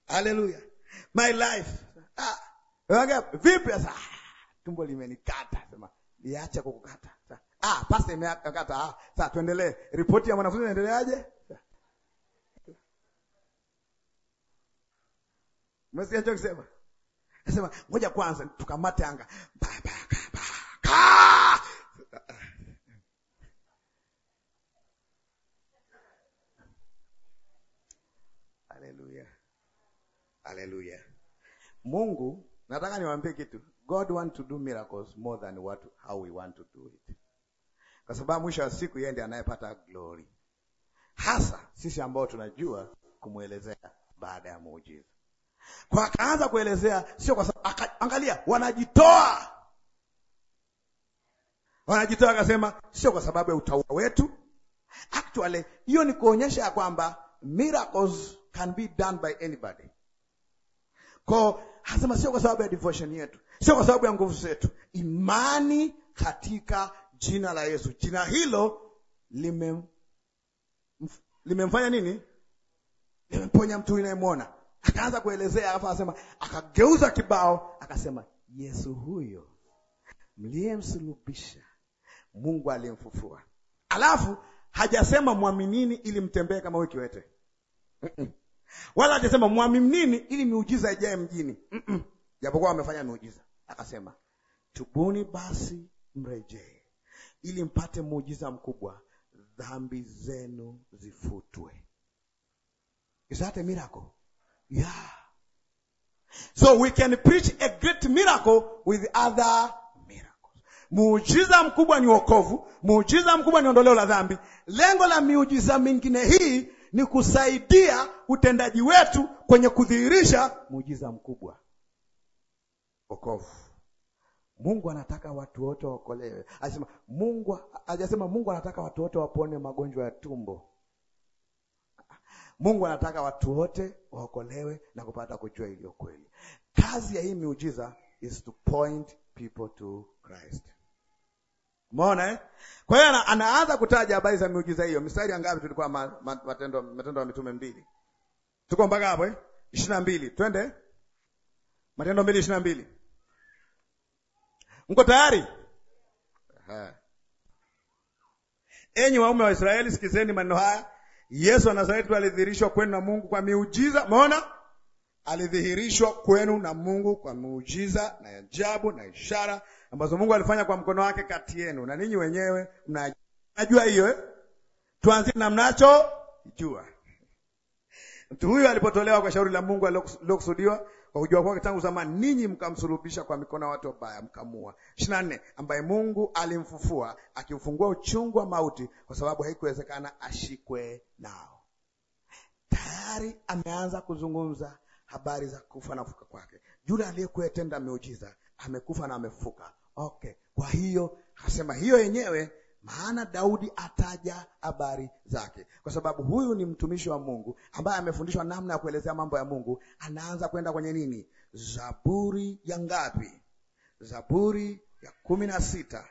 Hallelujah. My life. Ah, vipi sasa? Tumbo limenikata sema, niache kukukata. Ah, pasta imekata. Ah, sasa tuendelee. Ripoti ya mwanafunzi inaendeleaje? Msikia chokisema. Anasema ngoja kwanza tukamate anga. Ba, ba, ba, ba. Haleluya, haleluya. Mungu, nataka niwaambie kitu. God want to do miracles more than what how we want to do it, kwa sababu mwisho wa siku yeye ndiye anayepata glory, hasa sisi ambao tunajua kumwelezea baada ya muujiza. Kwa akaanza kuelezea, sio kwa sababu angalia, wanajitoa wanajitoa, akasema sio kwa sababu ya utaua wetu. Actually hiyo ni kuonyesha ya kwamba miracles can be done by anybody. Kwa hasema sio kwa sababu ya devotion yetu, sio kwa sababu ya nguvu zetu, imani katika jina la Yesu. Jina hilo lime limemfanya nini? Limemponya mtu inayemwona. Akaanza kuelezea, hapa, akasema, akageuza kibao, akasema Yesu huyo mliyemsulubisha Mungu alimfufua. Alafu hajasema mwaminini ili mtembee kama wewe kiwete wala hajasema mwaminini ili miujiza ijae mjini, japokuwa amefanya miujiza. Akasema tubuni basi mrejee, ili mpate muujiza mkubwa, dhambi zenu zifutwe. Is that a miracle? Yeah. So we can preach a great miracle with other miracles. Muujiza mkubwa ni wokovu, muujiza mkubwa ni ondoleo la dhambi. Lengo la miujiza mingine hii ni kusaidia utendaji wetu kwenye kudhihirisha muujiza mkubwa wokovu. Mungu anataka watu wote waokolewe. Anasema Mungu, hajasema Mungu anataka watu wote wapone magonjwa ya tumbo. Mungu anataka watu wote waokolewe na kupata kujua iliyo kweli. Kazi ya hii miujiza is to point people to Christ. Umeona eh? Kwa hiyo anaanza kutaja habari za miujiza hiyo. Mistari ya ngapi tulikuwa ma, ma, matendo matendo ya mitume mbili. Tuko mpaka hapo eh? 22. Twende. Matendo mbili mbili Mko tayari? Aha. Enyi waume wa Israeli, sikizeni maneno haya. Yesu wa Nazareti alidhihirishwa kwenu na Mungu kwa miujiza. Umeona? alidhihirishwa kwenu na Mungu kwa muujiza na ajabu na ishara ambazo Mungu alifanya kwa mkono wake kati yenu, na ninyi wenyewe mnajua hiyo eh? Tuanzie na mnacho jua. Mtu huyo alipotolewa kwa shauri la Mungu alilokusudiwa kwa kujua kwake tangu zamani, ninyi mkamsulubisha kwa mikono ya watu wabaya, mkamua. 24 ambaye Mungu alimfufua akimfungua uchungu wa mauti, kwa sababu haikuwezekana ashikwe nao. Tayari ameanza kuzungumza habari za kufa na kufuka kwake. Yule aliyekuetenda miujiza amekufa na amefuka. Okay, kwa hiyo hasema hiyo yenyewe, maana Daudi ataja habari zake, kwa sababu huyu ni mtumishi wa Mungu ambaye amefundishwa namna ya kuelezea mambo ya Mungu. Anaanza kwenda kwenye nini? Zaburi ya ngapi? Zaburi ya kumi na sita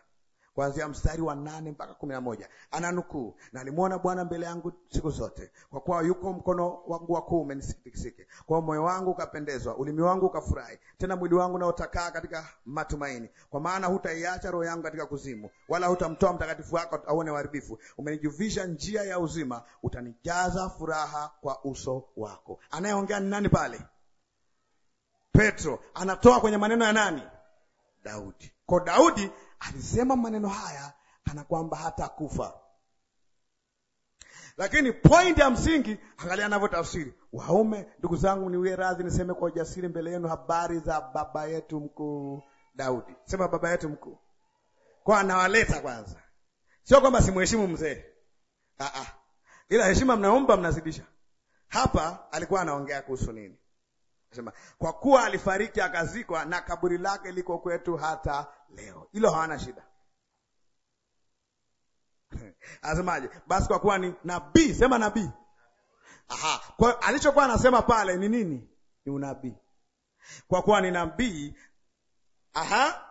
kuanzia mstari wa nane mpaka kumi na moja ananukuu, alimwona Bwana mbele yangu siku zote, kwa kuwa yuko mkono wangu wa kuume nisitikisike. Kwa moyo wangu ukapendezwa, ulimi wangu ukafurahi, tena mwili wangu naotakaa katika matumaini, kwa maana hutaiacha roho yangu katika kuzimu, wala hutamtoa mtakatifu wako aone uharibifu. Umenijuvisha njia ya uzima, utanijaza furaha kwa uso wako. Anayeongea ni nani pale? Petro anatoa kwenye maneno ya nani? Daudi. Kwa Daudi alisema maneno haya kana kwamba hatakufa. Lakini point ya msingi, angalia anavyotafsiri. Waume ndugu zangu, niwie radhi niseme kwa ujasiri mbele yenu habari za baba yetu mkuu Daudi. Sema baba yetu mkuu, kwa anawaleta kwanza, sio kwamba simuheshimu mzee, ah, ah. ila heshima mnaomba mnazidisha. Hapa alikuwa anaongea kuhusu nini? sema kwa kuwa alifariki akazikwa, na kaburi lake liko kwetu hata leo. Hilo hawana shida. Anasemaje? Basi kwa kuwa ni nabii, sema nabii. Aha, kwa alichokuwa anasema pale ni nini? Ni unabii. Kwa kuwa ni nabii, aha,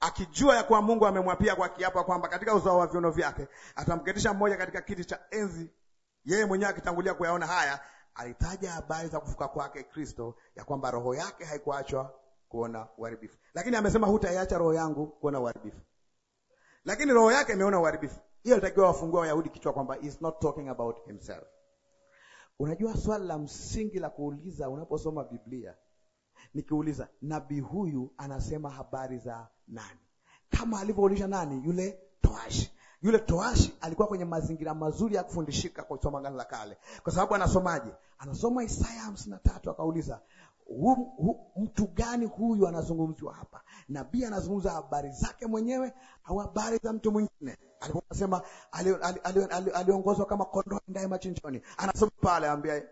akijua ya kuwa Mungu amemwapia kwa kiapo kwamba katika uzao wa viuno vyake atamketisha mmoja katika kiti cha enzi, yeye mwenyewe akitangulia kuyaona haya, alitaja habari za kufuka kwake Kristo, ya kwamba roho yake haikuachwa kuona uharibifu, lakini amesema hutaiacha roho yangu kuona uharibifu, lakini roho yake imeona uharibifu. Hiyo alitakiwa wafungua Wayahudi kichwa kwamba is not talking about himself. Unajua, swali la msingi la kuuliza unaposoma Biblia nikiuliza nabii huyu anasema habari za nani, kama alivyoulisha nani yule toashi yule toashi alikuwa kwenye mazingira mazuri ya kufundishika kwa kusoma Agano la Kale, kwa sababu anasomaje? Anasoma Isaya hamsini na tatu akauliza hu, hu, mtu gani huyu anazungumziwa hapa? Nabii anazungumza habari zake mwenyewe au habari za mtu mwingine? Alikuwa aliongozwa kama kondoo ndaye machinjoni, anasoma pale, anambia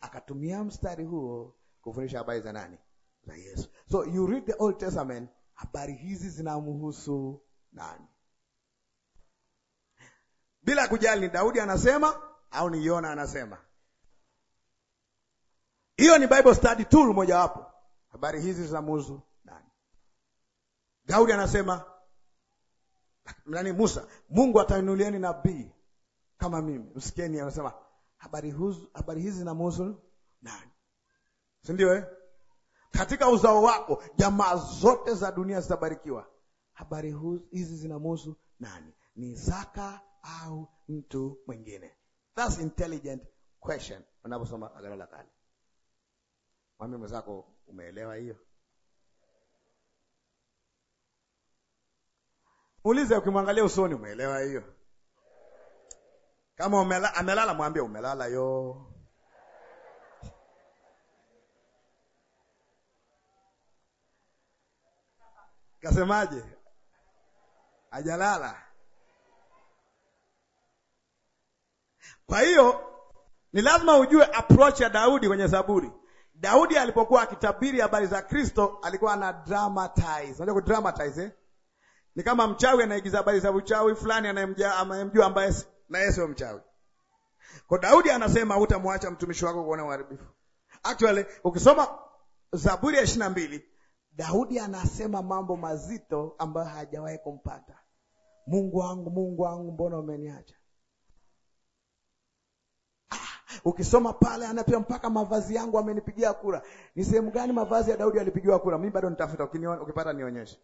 akatumia mstari huo kufundisha habari za nani? Za Yesu. So you read the Old Testament, habari hizi zinamhusu nani? bila kujali ni Daudi anasema au ni Yona anasema. Hiyo ni Bible study tool mojawapo. Habari hizi za muzu nani? Daudi anasema nani? Musa, Mungu atainulieni nabii kama mimi. Msikieni anasema habari huzu, habari hizi na muzu nani? Si ndio eh? Katika uzao wako jamaa zote za dunia zitabarikiwa. Habari hizi zinamuhusu nani? Ni Isaka au mtu mwingine. That's intelligent question unaposoma Agano la Kale. Mwambie mwenzako umeelewa hiyo? Muulize ukimwangalia usoni umeelewa hiyo? Kama umela, amelala mwambie umelala yo. Kasemaje? Hajalala. Kwa hiyo ni lazima ujue approach ya Daudi kwenye Zaburi. Daudi alipokuwa akitabiri habari za Kristo alikuwa ana dramatize. Unajua ku dramatize eh? Ni kama mchawi anaigiza habari za uchawi fulani anayemjua anayemjua ambaye na Yesu mchawi. Kwa Daudi anasema hutamwacha mtumishi wako kuona uharibifu. Actually ukisoma Zaburi ya ishirini na mbili Daudi anasema mambo mazito ambayo hajawahi kumpata. Mungu wangu, Mungu wangu, mbona umeniacha? Ukisoma pale anapia mpaka mavazi yangu amenipigia kura. Ni sehemu gani mavazi ya Daudi alipigiwa kura? Mimi bado nitafuta, ukiniona ukipata nionyeshe.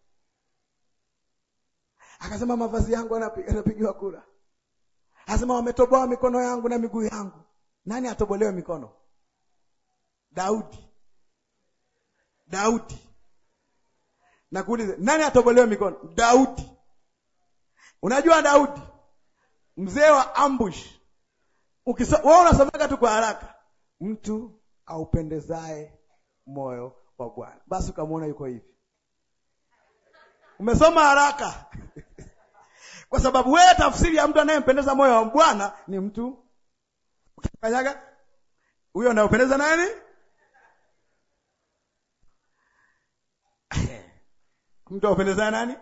Akasema mavazi yangu anapigiwa kura. Asema wametoboa mikono yangu na miguu yangu. Nani atobolewe mikono? Daudi. Daudi. Nakuuliza, nani atobolewe mikono? Daudi. Unajua Daudi mzee wa ambush wewe unasomaga tu kwa haraka, mtu aupendezae moyo wa Bwana. Basi ukamwona yuko hivi, umesoma haraka kwa sababu wewe tafsiri ya mtu anayempendeza moyo wa Bwana ni mtu kanyaga huyo anayopendeza nani? mtu aupendezae nani?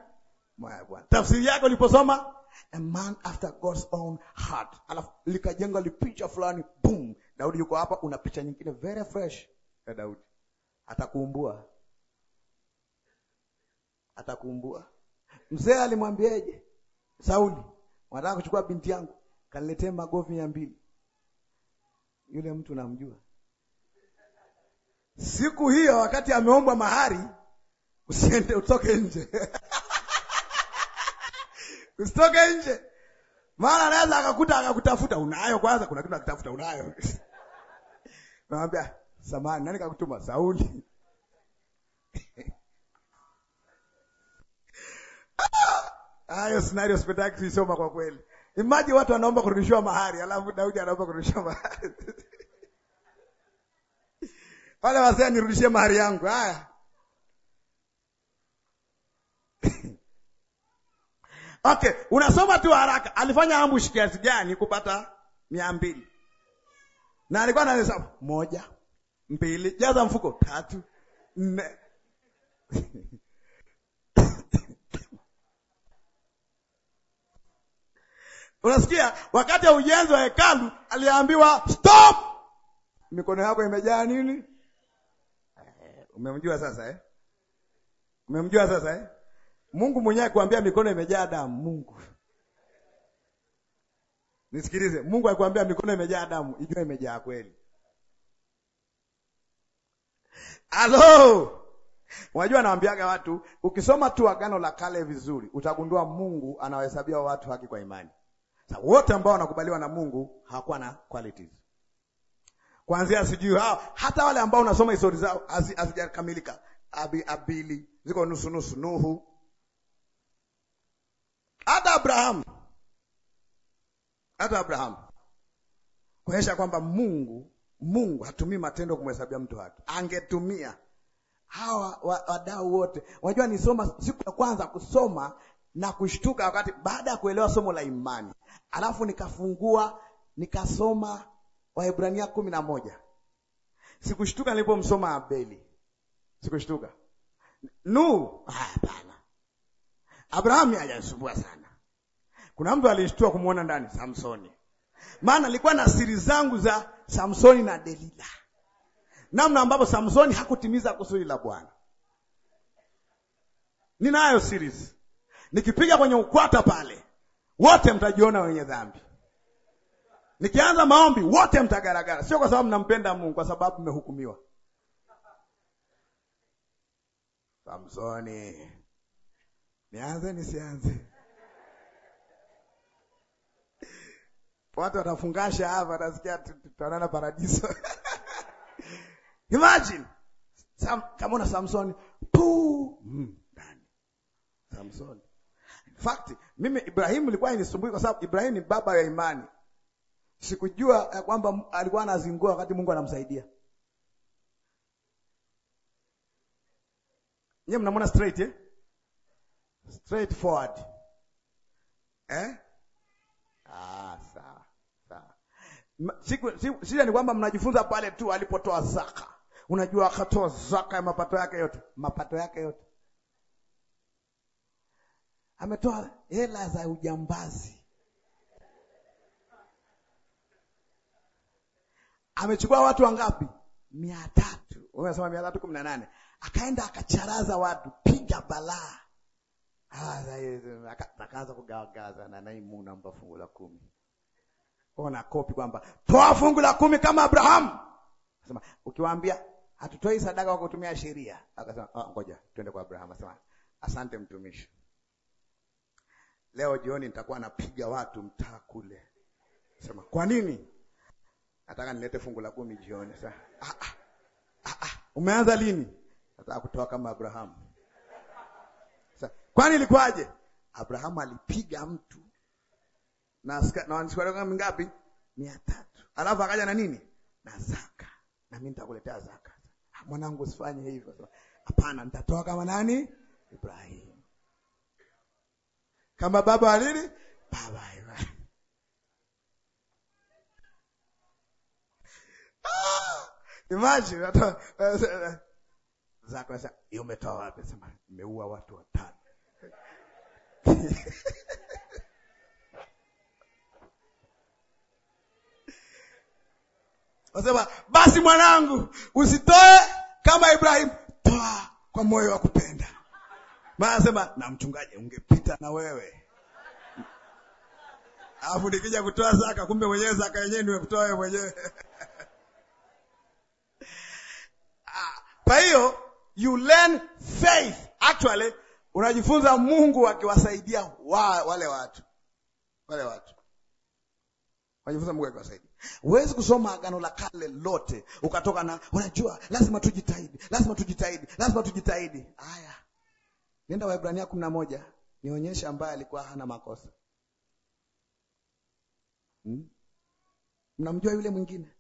Moyo wa Bwana. Tafsiri yako uliposoma a man after God's own heart. Alafu likajengwa lipicha fulani, boom, Daudi yuko hapa, una picha nyingine very fresh ya Daudi. Atakuumbua, atakuumbua. Mzee alimwambiaje Sauli, wanataka kuchukua binti yangu, kaniletee magovi mia mbili. Yule mtu namjua. Siku hiyo wakati ameombwa mahari, usiende utoke nje Usitoke nje. Maana anaweza akakuta akakutafuta, unayo kwanza, kuna kitu akitafuta unayo. Naambia, "Samani, nani kakutuma? Sauli." Hayo scenario sipetaki kuisoma kwa kweli. Imagine watu wanaomba kurudishiwa mahari, alafu Daudi anaomba kurudishiwa mahari. Wale wasema nirudishie mahari yangu. Haya. Okay, unasoma tu haraka. Alifanya ambush kiasi gani kupata mia mbili? Na alikuwa na hesabu moja, mbili, jaza mfuko tatu, nne. Unasikia, wakati wa ujenzi wa hekalu aliambiwa stop, mikono yako imejaa nini? Eh, umemjua sasa eh? Umemjua sasa eh? Mungu mwenyewe kuambia mikono imejaa damu. Mungu nisikilize, Mungu akwambia mikono imejaa damu, ijue imejaa kweli. Halo. Unajua naambiaga watu ukisoma tu Agano la Kale vizuri utagundua Mungu anawahesabia watu haki kwa imani. Sa wote ambao wanakubaliwa na Mungu hawakuwa na qualities. Kuanzia sijui hao hata wale ambao unasoma historia zao hazijakamilika. Abi, Abili, ziko nusu nusu Nuhu, hata Abraham, hata abraham kuonyesha kwamba Mungu Mungu hatumii matendo kumhesabia mtu haki. Angetumia hawa wadau wote. Unajua, nisoma siku ya kwanza kusoma na kushtuka, wakati baada ya kuelewa somo la imani, alafu nikafungua nikasoma Waebrania kumi na moja. Sikushtuka nilipomsoma Abeli, sikushtuka. Nu hapana, Abrahamu hajanisumbua sana kuna mtu alishtua kumwona ndani Samsoni, maana alikuwa na siri zangu za Samsoni na Delila, namna ambapo Samsoni hakutimiza kusudi la Bwana. Ninayo siri, nikipiga kwenye ukwata pale, wote mtajiona wenye dhambi. Nikianza maombi, wote mtagaragara, sio kwa sababu mnampenda Mungu, kwa sababu mmehukumiwa. Samsoni, nianze nisianze? watu watafungasha hapa, nasikia tutaonana paradiso. Imagine Sam, kama na Samson tu mm, ndani Samson. In fact mimi Ibrahimu ilikuwa inisumbui kwa sababu Ibrahimu ni baba ya imani. Sikujua kwamba alikuwa anazingua wakati Mungu anamsaidia. Nyie mnamwona straight eh? forward. Eh? Shida ni kwamba mnajifunza pale tu alipotoa zaka. Unajua akatoa zaka ya mapato yake yote, mapato yake yote ametoa hela za ujambazi, amechukua watu wangapi? mia tatu. Unasema mia tatu kumi na nane akaenda akacharaza watu, piga balaa, ah, akaanza kugawagaza na naimu namba fungu la kumi ona kopi kwamba toa fungu la kumi kama abraham Akasema ukiwaambia hatutoi sadaka kwa kutumia sheria. Akasema oh, ngoja twende kwa Abraham. Akasema asante mtumishi, leo jioni nitakuwa napiga watu mtaa kule. Akasema kwa nini? Nataka nilete fungu la kumi jioni. Sasa ah, ah, ah, ah, umeanza lini? Nataka kutoa kama abraham Sasa kwani ilikuwaje? Abrahamu alipiga mtu na na wanasikari wangu ngapi? 300. Alafu akaja na nini? Na zaka. Na mimi nitakuletea zaka. Ah, mwanangu usifanye hivyo. Hapana, nitatoa kama nani? Ibrahim. Kama baba alili? Baba ah! Imagine zaka sasa, umetoa wapi? Sema nimeua watu watano. Wasema basi mwanangu, usitoe kama Ibrahimu, toa kwa moyo wa kupenda. Maana anasema na mchungaji, ungepita na wewe alafu nikija kutoa zaka, kumbe mwenyewe zaka yenyewe nimekutoa wewe mwenyewe. Ah, kwa hiyo you learn faith actually, unajifunza Mungu akiwasaidia wa, wale watu wale watu unajifunza Mungu akiwasaidia Huwezi kusoma Agano la Kale lote ukatoka na unajua, lazima tujitahidi, lazima tujitahidi, lazima tujitahidi. Haya, nenda Waebrania kumi na moja nionyesha ambaye alikuwa hana makosa. Hmm? Mnamjua Yule mwingine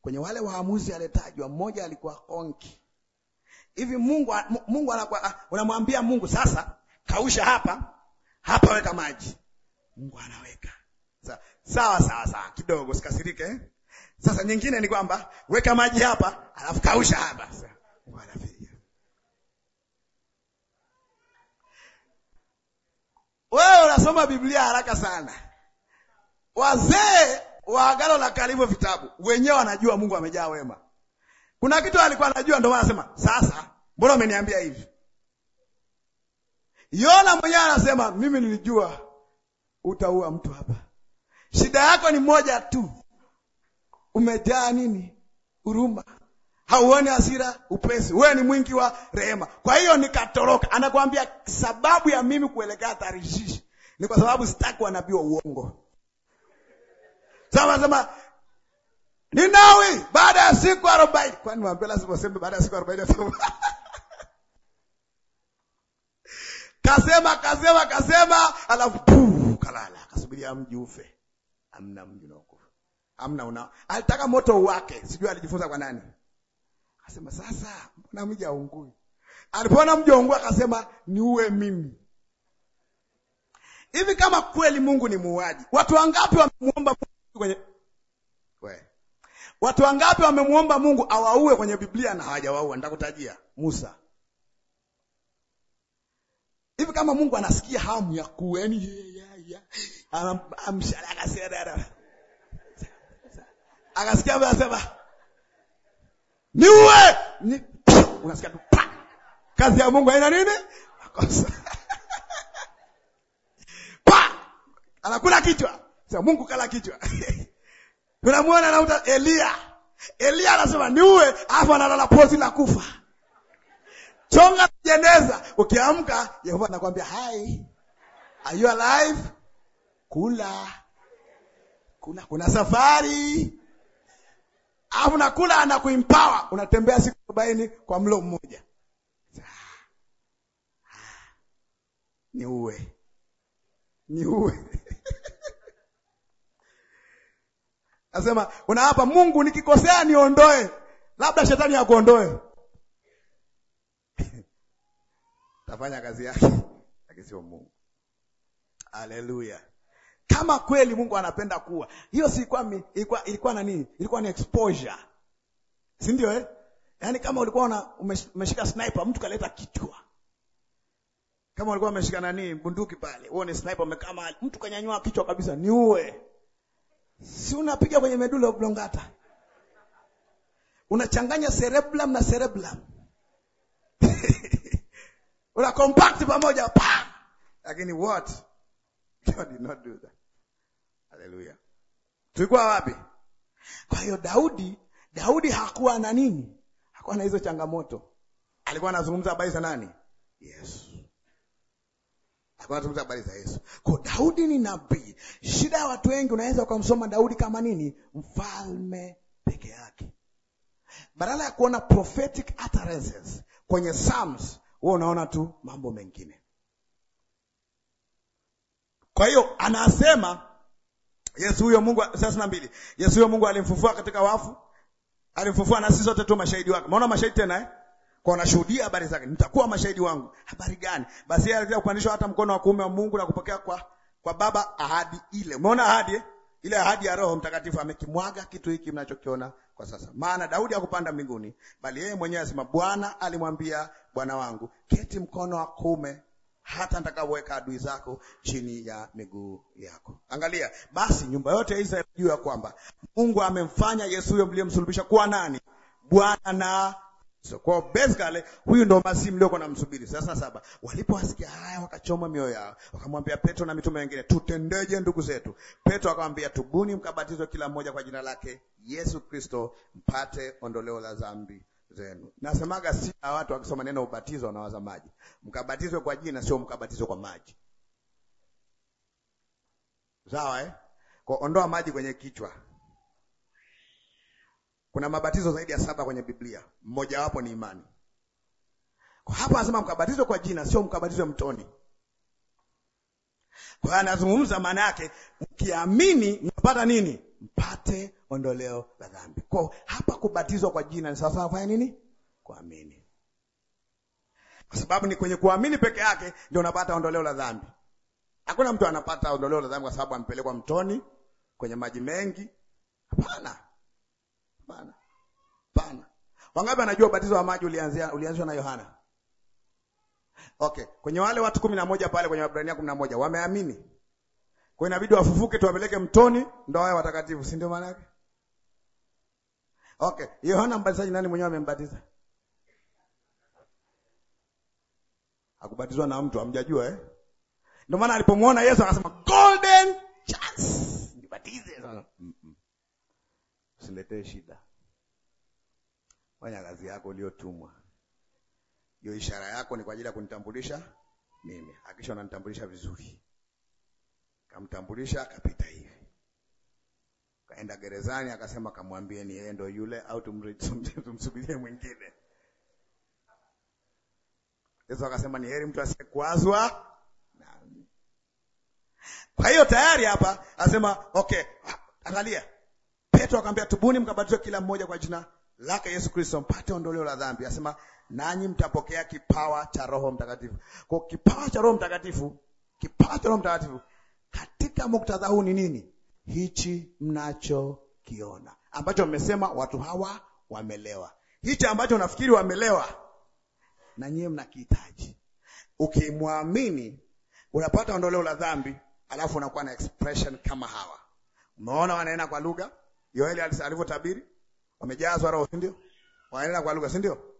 kwenye wale waamuzi aliyetajwa, mmoja alikuwa konki hivi. Mungu, Mungu anakuwa ah, unamwambia Mungu, sasa kausha hapa hapa, weka maji, Mungu anaweka sawa sawa sawa, kidogo sikasirike eh? Sasa nyingine ni kwamba weka maji hapa, alafu kausha hapa. Wewe unasoma Biblia haraka sana. Wazee wa Agano la Kale hivyo vitabu wenyewe wanajua Mungu amejaa wema. Kuna kitu alikuwa anajua, ndio maana anasema sasa, mbona umeniambia hivi? Yona mwenyewe anasema mimi nilijua utaua mtu hapa Shida yako ni moja tu, umejaa nini? Huruma. Hauoni hasira, upesi, wewe ni mwingi wa rehema. Kwa hiyo nikatoroka. Anakuambia sababu ya mimi kuelekea Tarishishi ni kwa sababu sitaki wanabii wa uongo. Sasa sema Ninawi baada ya siku 40. Kwani mwambie lazima useme baada ya siku 40. Kasema kasema kasema, alafu puu kalala, akasubiria mji ufe amna mji unaokufa, amna una alitaka moto uwake, sijui alijifunza kwa nani. Akasema sasa, mbona mji haungui? Alipoona mji haungui, akasema niue mimi. Hivi kama kweli Mungu ni muuaji, watu wangapi wamemuomba Mungu kwenye we Watu wangapi wamemuomba Mungu awaue kwenye Biblia na hawajawaua? Nitakutajia Musa. Hivi kama Mungu anasikia hamu ya kueni akasikia anasema niue ni, unasikia kazi ya Mungu haina nini makosa pa anakula kichwa sasa Mungu kala kichwa unamwona anauta Elia Elia anasema ni uwe afu analala pozi la kufa chonga jeneza ukiamka Yehova anakuambia hi are you alive kula kula, kuna safari nakula na kuimpawa unatembea siku arobaini kwa mlo mmoja. Ni uwe ni uwe Nasema unaapa Mungu, nikikosea niondoe, labda shetani akuondoe. Tafanya kazi yake, lakini sio Mungu. Haleluya kama kweli Mungu anapenda kuwa hiyo, si ilikuwa ilikuwa na nini? Ilikuwa ni exposure, si ndio eh? Yaani kama ulikuwa una umeshika sniper, mtu kaleta kichwa, kama ulikuwa umeshika nani bunduki pale, uone ni sniper, umekama mtu kanyanyua kichwa kabisa, ni uwe si unapiga kwenye medulla oblongata, unachanganya cerebellum na cerebellum una compact pamoja pa, lakini what God did not do that. Hallelujah. Tulikuwa wapi? Kwa hiyo Daudi, Daudi hakuwa na nini? Hakuwa na hizo changamoto. Alikuwa anazungumza habari za nani? Yesu. Alikuwa anazungumza habari za Yesu. Kwa Daudi ni nabii. Shida ya watu wengi unaweza ukamsoma Daudi kama nini? Mfalme peke yake. Badala ya kuona prophetic utterances kwenye Psalms, wewe unaona tu mambo mengine. Kwa hiyo anasema Yesu huyo Mungu thelathini na mbili. Yesu huyo Mungu alimfufua katika wafu, alimfufua na sisi sote tu mashahidi wake. Maona mashahidi tena eh? Kwa nashuhudia habari zake. Nitakuwa mashahidi wangu. Habari gani? Basi yeye alikuja kupandishwa hata mkono wa kuume wa Mungu na kupokea kwa kwa Baba ahadi ile. Umeona ahadi eh? Ile ahadi ya Roho Mtakatifu amekimwaga kitu hiki mnachokiona kwa sasa. Maana Daudi hakupanda mbinguni, bali yeye mwenyewe asema Bwana alimwambia Bwana wangu, keti mkono wa kuume hata nitakapoweka adui zako chini ya miguu yako. Angalia basi, nyumba yote ya Israeli juu ya kwamba Mungu amemfanya Yesu huyo mliyemsulubisha kuwa nani? Bwana na So, kwa basically huyu ndo mlioko na namsubiri. Sasa saba, walipowasikia haya wakachoma mioyo yao, wakamwambia Petro na mitume wengine, tutendeje ndugu zetu? Petro akamwambia, tubuni mkabatizwe kila mmoja kwa jina lake Yesu Kristo, mpate ondoleo la dhambi zenu. Nasemaga si watu wakisoma neno ubatizo wanawaza maji, mkabatizwe kwa jina, sio mkabatizwe kwa maji. Sawa eh? Kwa ondoa maji kwenye kichwa. Kuna mabatizo zaidi ya saba kwenye Biblia, mmojawapo ni imani. Kwa hapo anasema mkabatizwe kwa jina, sio mkabatizwe mtoni. Kwa anazungumza maana yake, ukiamini unapata nini? mpate ondoleo la dhambi. Kwa hapa kubatizwa kwa jina ni sawasawa fanya nini? Kuamini, kwa sababu ni kwenye kuamini peke yake ndio unapata ondoleo la dhambi. Hakuna mtu anapata ondoleo la dhambi kwa sababu amepelekwa mtoni kwenye maji mengi. Hapana, hapana, hapana. Wangapi anajua ubatizo wa maji ulianzia ulianzishwa na Yohana? Okay, kwenye wale watu 11 pale kwenye Waebrania 11 wameamini kwa inabidi wafufuke tuwapeleke mtoni ndio wawe watakatifu, si ndio maana yake? Okay, Yohana Mbatizaji nani mwenyewe amembatiza? Hakubatizwa na mtu, hamjajua eh? Ndio maana alipomwona Yesu akasema golden chance, nibatize sasa. Usiletee shida. Fanya kazi yako uliyotumwa. Hiyo ishara yako ni kwa ajili ya kunitambulisha mimi. Hakisha unanitambulisha vizuri. Kamtambulisha akapita hivi, kaenda gerezani, akasema ni yeye ndo yule au tumsubirie mwingine. Yesu akasema ni heri mtu asiyekwazwa nami. Kwa hiyo tayari hapa asema okay, angalia Petro akamwambia tubuni, mkabatizwe kila mmoja kwa jina lake Yesu Kristo mpate ondoleo la dhambi. Asema nanyi mtapokea kipawa cha Roho Mtakatifu. Kwa kipawa cha Roho Mtakatifu, kipawa cha Roho Mtakatifu katika muktadha huu ni nini hichi mnachokiona ambacho mmesema watu hawa wamelewa? Hichi ambacho unafikiri wamelewa, na nyiwe mnakihitaji. Ukimwamini unapata ondoleo la dhambi, alafu unakuwa na expression kama hawa. Umeona, wanaenda kwa lugha. Yoeli alivyotabiri, wamejazwa Roho, si ndio? Wanaenda kwa lugha, si ndio?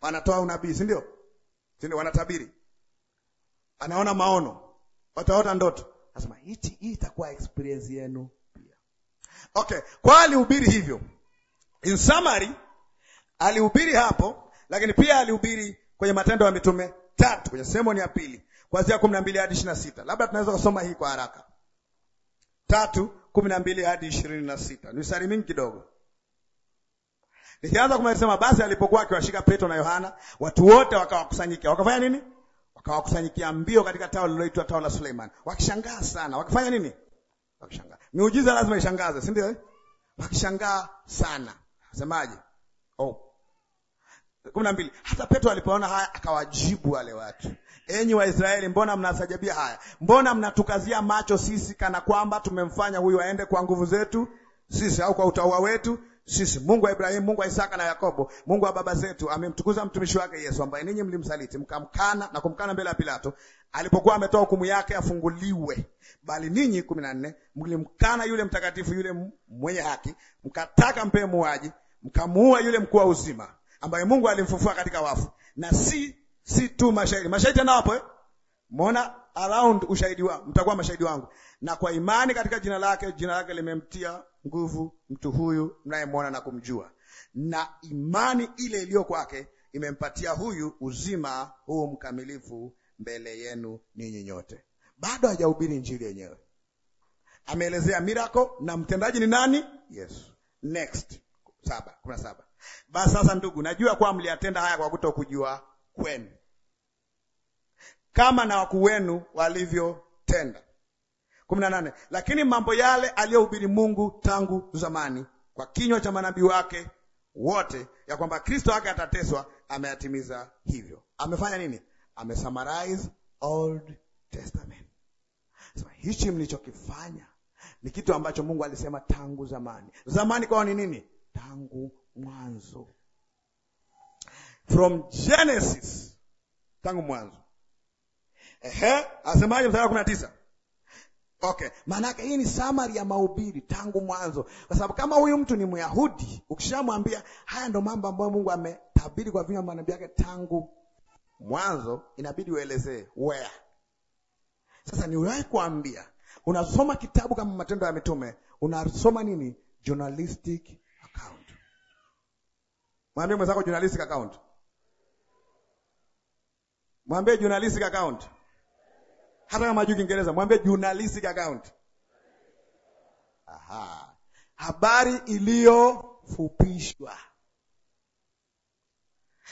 Wanatoa unabii, si ndio? Si ndio? Wanatabiri, anaona maono, wataota ndoto nasema hichi hii itakuwa experience yenu pia. Okay, kwa alihubiri hivyo. In summary, alihubiri hapo, lakini pia alihubiri kwenye Matendo ya Mitume tatu kwenye sehemu ya pili kuanzia 12 hadi 26. Labda tunaweza kusoma hii kwa haraka. Tatu, 12 hadi 26. Ni misari mingi kidogo. Nikianza kumsema basi, alipokuwa akiwashika Petro na Yohana, watu wote wakawakusanyika. Wakafanya nini? wakawakusanyikia mbio katika tawa lililoitwa tawa la Suleiman, wakishangaa sana. Wakifanya nini? Wakishangaa. Miujiza lazima ishangaze, si ndio? Eh? Wakishangaa sana. Nasemaje? Oh. Kumi na mbili. Hata Petro alipoona haya akawajibu wale watu, enyi Waisraeli, mbona mnasajabia haya? Mbona mnatukazia macho sisi kana kwamba tumemfanya huyu aende kwa nguvu zetu sisi au kwa utaua wetu? sisi, Mungu wa Ibrahimu, Mungu wa Isaka na Yakobo, Mungu wa baba zetu, amemtukuza mtumishi wake Yesu, ambaye ninyi mlimsaliti mkamkana na kumkana mbele ya Pilato alipokuwa ametoa hukumu yake afunguliwe. Bali ninyi 14 mlimkana yule mtakatifu, yule mwenye haki, mkataka mpe muaji mkamuua yule mkuu wa uzima, ambaye Mungu alimfufua katika wafu. Na si si tu mashahidi, mashahidi nao hapo eh? Muona around ushahidi wao, mtakuwa mashahidi wangu na kwa imani katika jina lake, jina lake limemtia nguvu mtu huyu mnayemwona na kumjua, na imani ile iliyo kwake imempatia huyu uzima huu mkamilifu mbele yenu ninyi nyote. Bado hajahubiri injili yenyewe, ameelezea mirako na mtendaji ni nani? Yesu. Next saba, kumi na saba. Basi sasa, ndugu, najua kuwa mliyatenda haya kwa kutokujua kwenu, kama na wakuu wenu walivyotenda kumi na nane lakini mambo yale aliyohubiri Mungu tangu zamani kwa kinywa cha manabii wake wote ya kwamba Kristo wake atateswa ameyatimiza. Hivyo amefanya nini? Amesummarize Old Testament. Sasa hichi mlichokifanya ni kitu ambacho Mungu alisema tangu zamani. Zamani kwao ni nini? Tangu mwanzo, from Genesis, tangu mwanzo. Ehe, asemaje mstari wa kumi na tisa? Okay, maanake hii ni summary ya mahubiri tangu mwanzo, kwa sababu kama huyu mtu ni Myahudi, ukishamwambia haya ndo mambo ambayo Mungu ametabiri kwa vinywa manabii yake tangu mwanzo, inabidi uelezee where. Sasa niwahi kuambia, unasoma kitabu kama Matendo ya Mitume, unasoma nini? Journalistic account. Mwambie mwenzako journalistic account, mwambie journalistic account hata kama hajui Kiingereza, mwambie journalistic account. Aha, habari iliyofupishwa.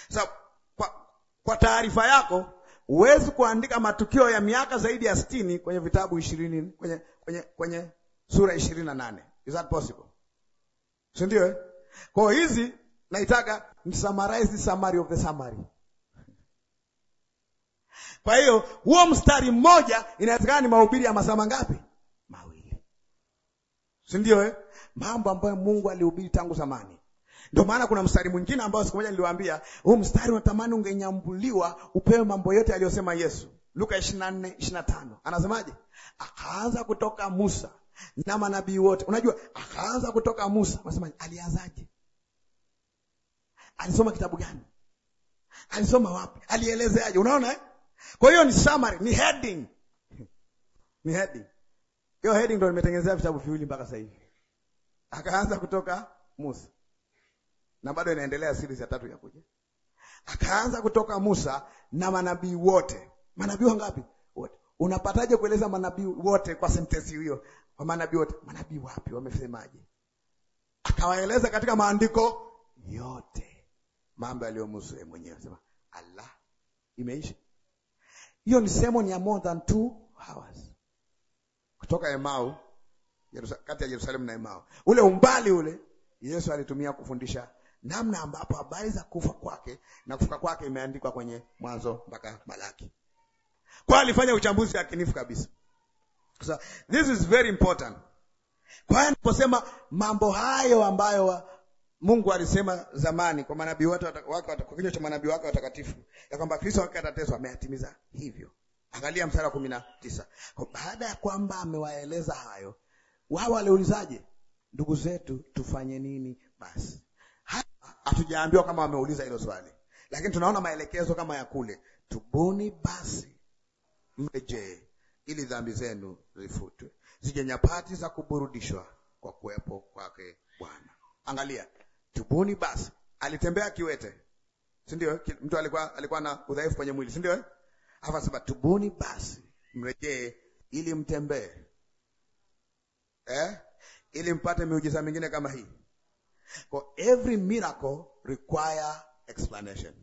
Sasa so, kwa, kwa taarifa yako huwezi kuandika matukio ya miaka zaidi ya sitini kwenye vitabu ishirini kwenye, kwenye, kwenye sura ishirini na nane. Is that possible? Si ndio? Eh? Kwa hizi naitaka msummarize the summary of the summary. Kwa hiyo huo mstari mmoja inawezekana ni mahubiri ya masaa mangapi? Mawili, si ndio eh? Mambo ambayo Mungu alihubiri tangu zamani. Ndio maana kuna mstari mwingine ambao siku moja niliwaambia, huu mstari unatamani ungenyambuliwa upewe mambo yote aliyosema Yesu. Luka 24:25 anasemaje? Akaanza kutoka Musa na manabii wote. Unajua, akaanza kutoka Musa, anasema Alianzaje? Alisoma kitabu gani? Alisoma wapi? Alielezeaje? Unaona eh? Kwa hiyo ni summary, ni heading. Ni heading. Hiyo heading ndio nimetengenezea vitabu viwili mpaka sasa hivi. Akaanza kutoka Musa. Na bado inaendelea series ya tatu ya kuja. Akaanza kutoka Musa na manabii wote. Manabii wangapi? Wote. Unapataje kueleza manabii wote kwa sentensi hiyo? Kwa manabii wote, manabii wapi? Wamesemaje? Akawaeleza katika maandiko yote mambo yaliyomuhusu mwenyewe. Sema Allah imeisha. Hiyo ni sermon ya more than two hours kutoka Emau, kati ya Yerusalemu na Emau, ule umbali ule Yesu alitumia kufundisha namna ambapo habari za kufa kwake na kufuka kwake imeandikwa kwenye Mwanzo mpaka Malaki. Kwa alifanya uchambuzi yakinifu kabisa. So, this is very important. Kwa hiyo mambo hayo ambayo Mungu alisema zamani kwa manabii wake kwa kinywa cha manabii wake watakatifu ya kwamba Kristo wake atateswa, ameyatimiza hivyo. Angalia mstari wa kumi na tisa. Kwa baada ya kwamba amewaeleza hayo, wao waliulizaje? Ndugu zetu, tufanye nini basi? Hatujaambiwa kama wameuliza hilo swali, lakini tunaona maelekezo kama ya kule, tubuni basi mrejee, ili dhambi zenu zifutwe, zije nyapati za kuburudishwa kwa kuwepo kwake Bwana. Angalia tubuni basi. Alitembea kiwete, si ndio? Mtu alikuwa alikuwa na udhaifu kwenye mwili, si ndio? hapa sasa, tubuni basi, mrejee ili mtembee, eh, ili mpate miujiza mingine kama hii. Kwa every miracle require explanation,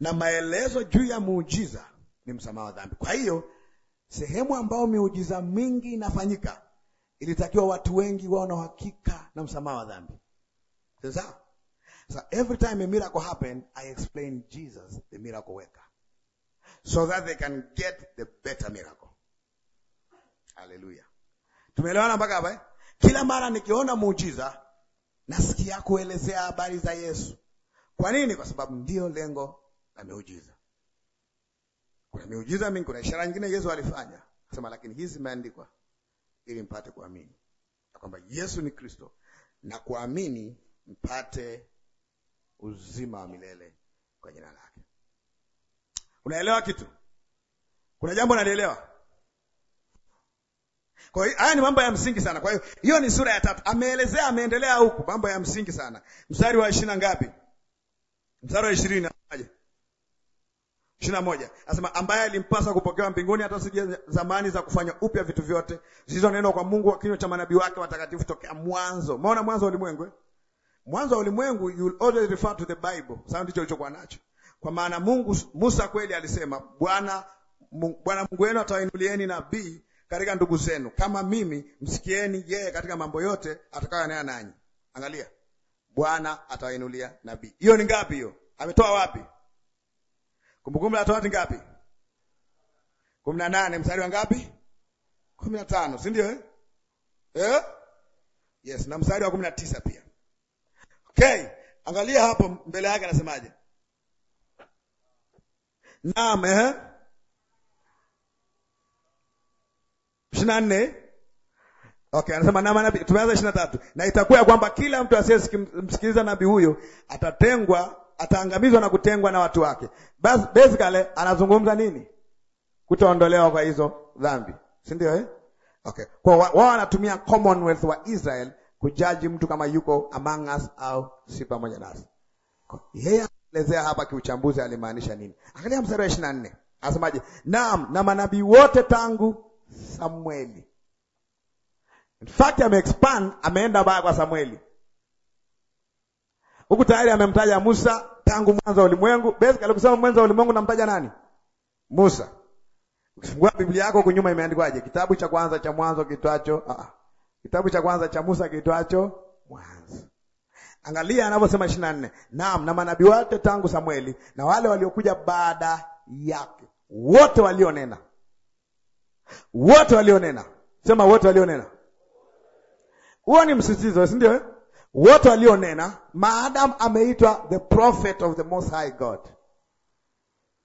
na maelezo juu ya muujiza ni msamaha wa dhambi. Kwa hiyo sehemu ambayo miujiza mingi inafanyika Ilitakiwa watu wengi wao na uhakika na msamaha wa dhambi. Sasa so every time a miracle happen I explain Jesus the miracle worker so that they can get the better miracle. Haleluya, Tumeelewana mpaka hapa eh? Kila mara nikiona muujiza nasikia kuelezea habari za Yesu. Kwa nini? Kwa sababu ndio lengo la miujiza. Kuna miujiza mingi, kuna ishara nyingine Yesu alifanya. Sema lakini hizi zimeandikwa ili mpate kuamini, na kwamba Yesu ni Kristo, na kuamini mpate uzima wa milele kwa jina lake. Unaelewa kitu? Kuna jambo unalielewa? Kwa hiyo haya ni mambo ya msingi sana. Kwa hiyo hiyo ni sura ya tatu, ameelezea ameendelea huku mambo ya msingi sana. Mstari wa ishirini na ngapi? Mstari wa ishirini ishirini na moja anasema ambaye alimpasa kupokewa mbinguni hata sije zamani za kufanya upya vitu vyote zilizonenwa kwa Mungu wa kinywa cha manabii wake watakatifu tokea mwanzo. Umeona mwanzo wa ulimwengu? Eh? Mwanzo wa ulimwengu, you will always refer to the Bible. Sasa ndicho ulichokuwa nacho. Kwa maana Mungu Musa kweli alisema, Bwana Bwana Mungu wenu atawainulieni nabii katika ndugu zenu kama mimi, msikieni yeye katika mambo yote atakayoyanena nanyi. Angalia, Bwana atawainulia nabii. Hiyo ni ngapi hiyo? Ametoa wapi? Kumbukumbu la Torati ngapi? kumi na nane mstari wa ngapi? kumi na tano si ndio eh? Eh? Yes, na mstari wa kumi na tisa pia. Okay, angalia hapo mbele yake anasemaje? Naam, eh? ishirini na nne Okay, anasema na manabii tumeanza 23. na tatu na itakuwa ya kwamba kila mtu asiyesikiliza nabii huyo atatengwa ataangamizwa na kutengwa na watu wake. Bas, basically anazungumza nini? Kutoondolewa kwa hizo dhambi, si ndio eh? Okay. Kwa wao wanatumia Commonwealth wa Israel kujaji mtu kama yuko among us au si pamoja nasi. Yeye anaelezea hapa kiuchambuzi alimaanisha nini? Angalia mstari wa 24. Anasemaje? Naam, na manabii wote tangu Samueli. In fact, ame expand ameenda baya kwa Samueli. Huku tayari amemtaja Musa tangu mwanzo wa ulimwengu. Basically alikusema mwanzo wa ulimwengu namtaja nani? Musa. Ukifungua Biblia yako kunyuma imeandikwaje? Kitabu cha kwanza cha Mwanzo kitwacho ah, ah, kitabu cha kwanza cha Musa kitwacho Mwanzo. Angalia anavyosema 24. Naam, na manabii wote tangu Samueli na wale waliokuja baada yake wote walionena, wote walionena. Sema wote walionena. Huo ni msisitizo, si ndio? Eh? wote walionena, maadamu ameitwa the prophet of the most high God.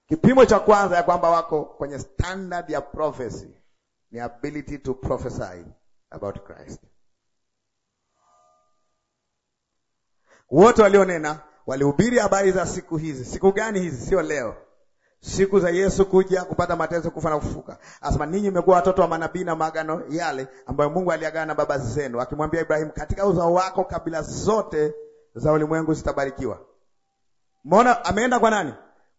Kipimo cha kwanza ya kwamba wako kwenye standard ya prophecy ni ability to prophesy about Christ. Wote walionena walihubiri habari za siku hizi. Siku gani hizi? Sio leo siku za Yesu kuja kupata mateso, kufa na kufuka. Asema ninyi mmekuwa watoto wa manabii na maagano yale ambayo Mungu aliagana na baba zenu, akimwambia Ibrahimu, katika uzao wako kabila zote za ulimwengu zitabarikiwa. Mbona ameenda kwa nani?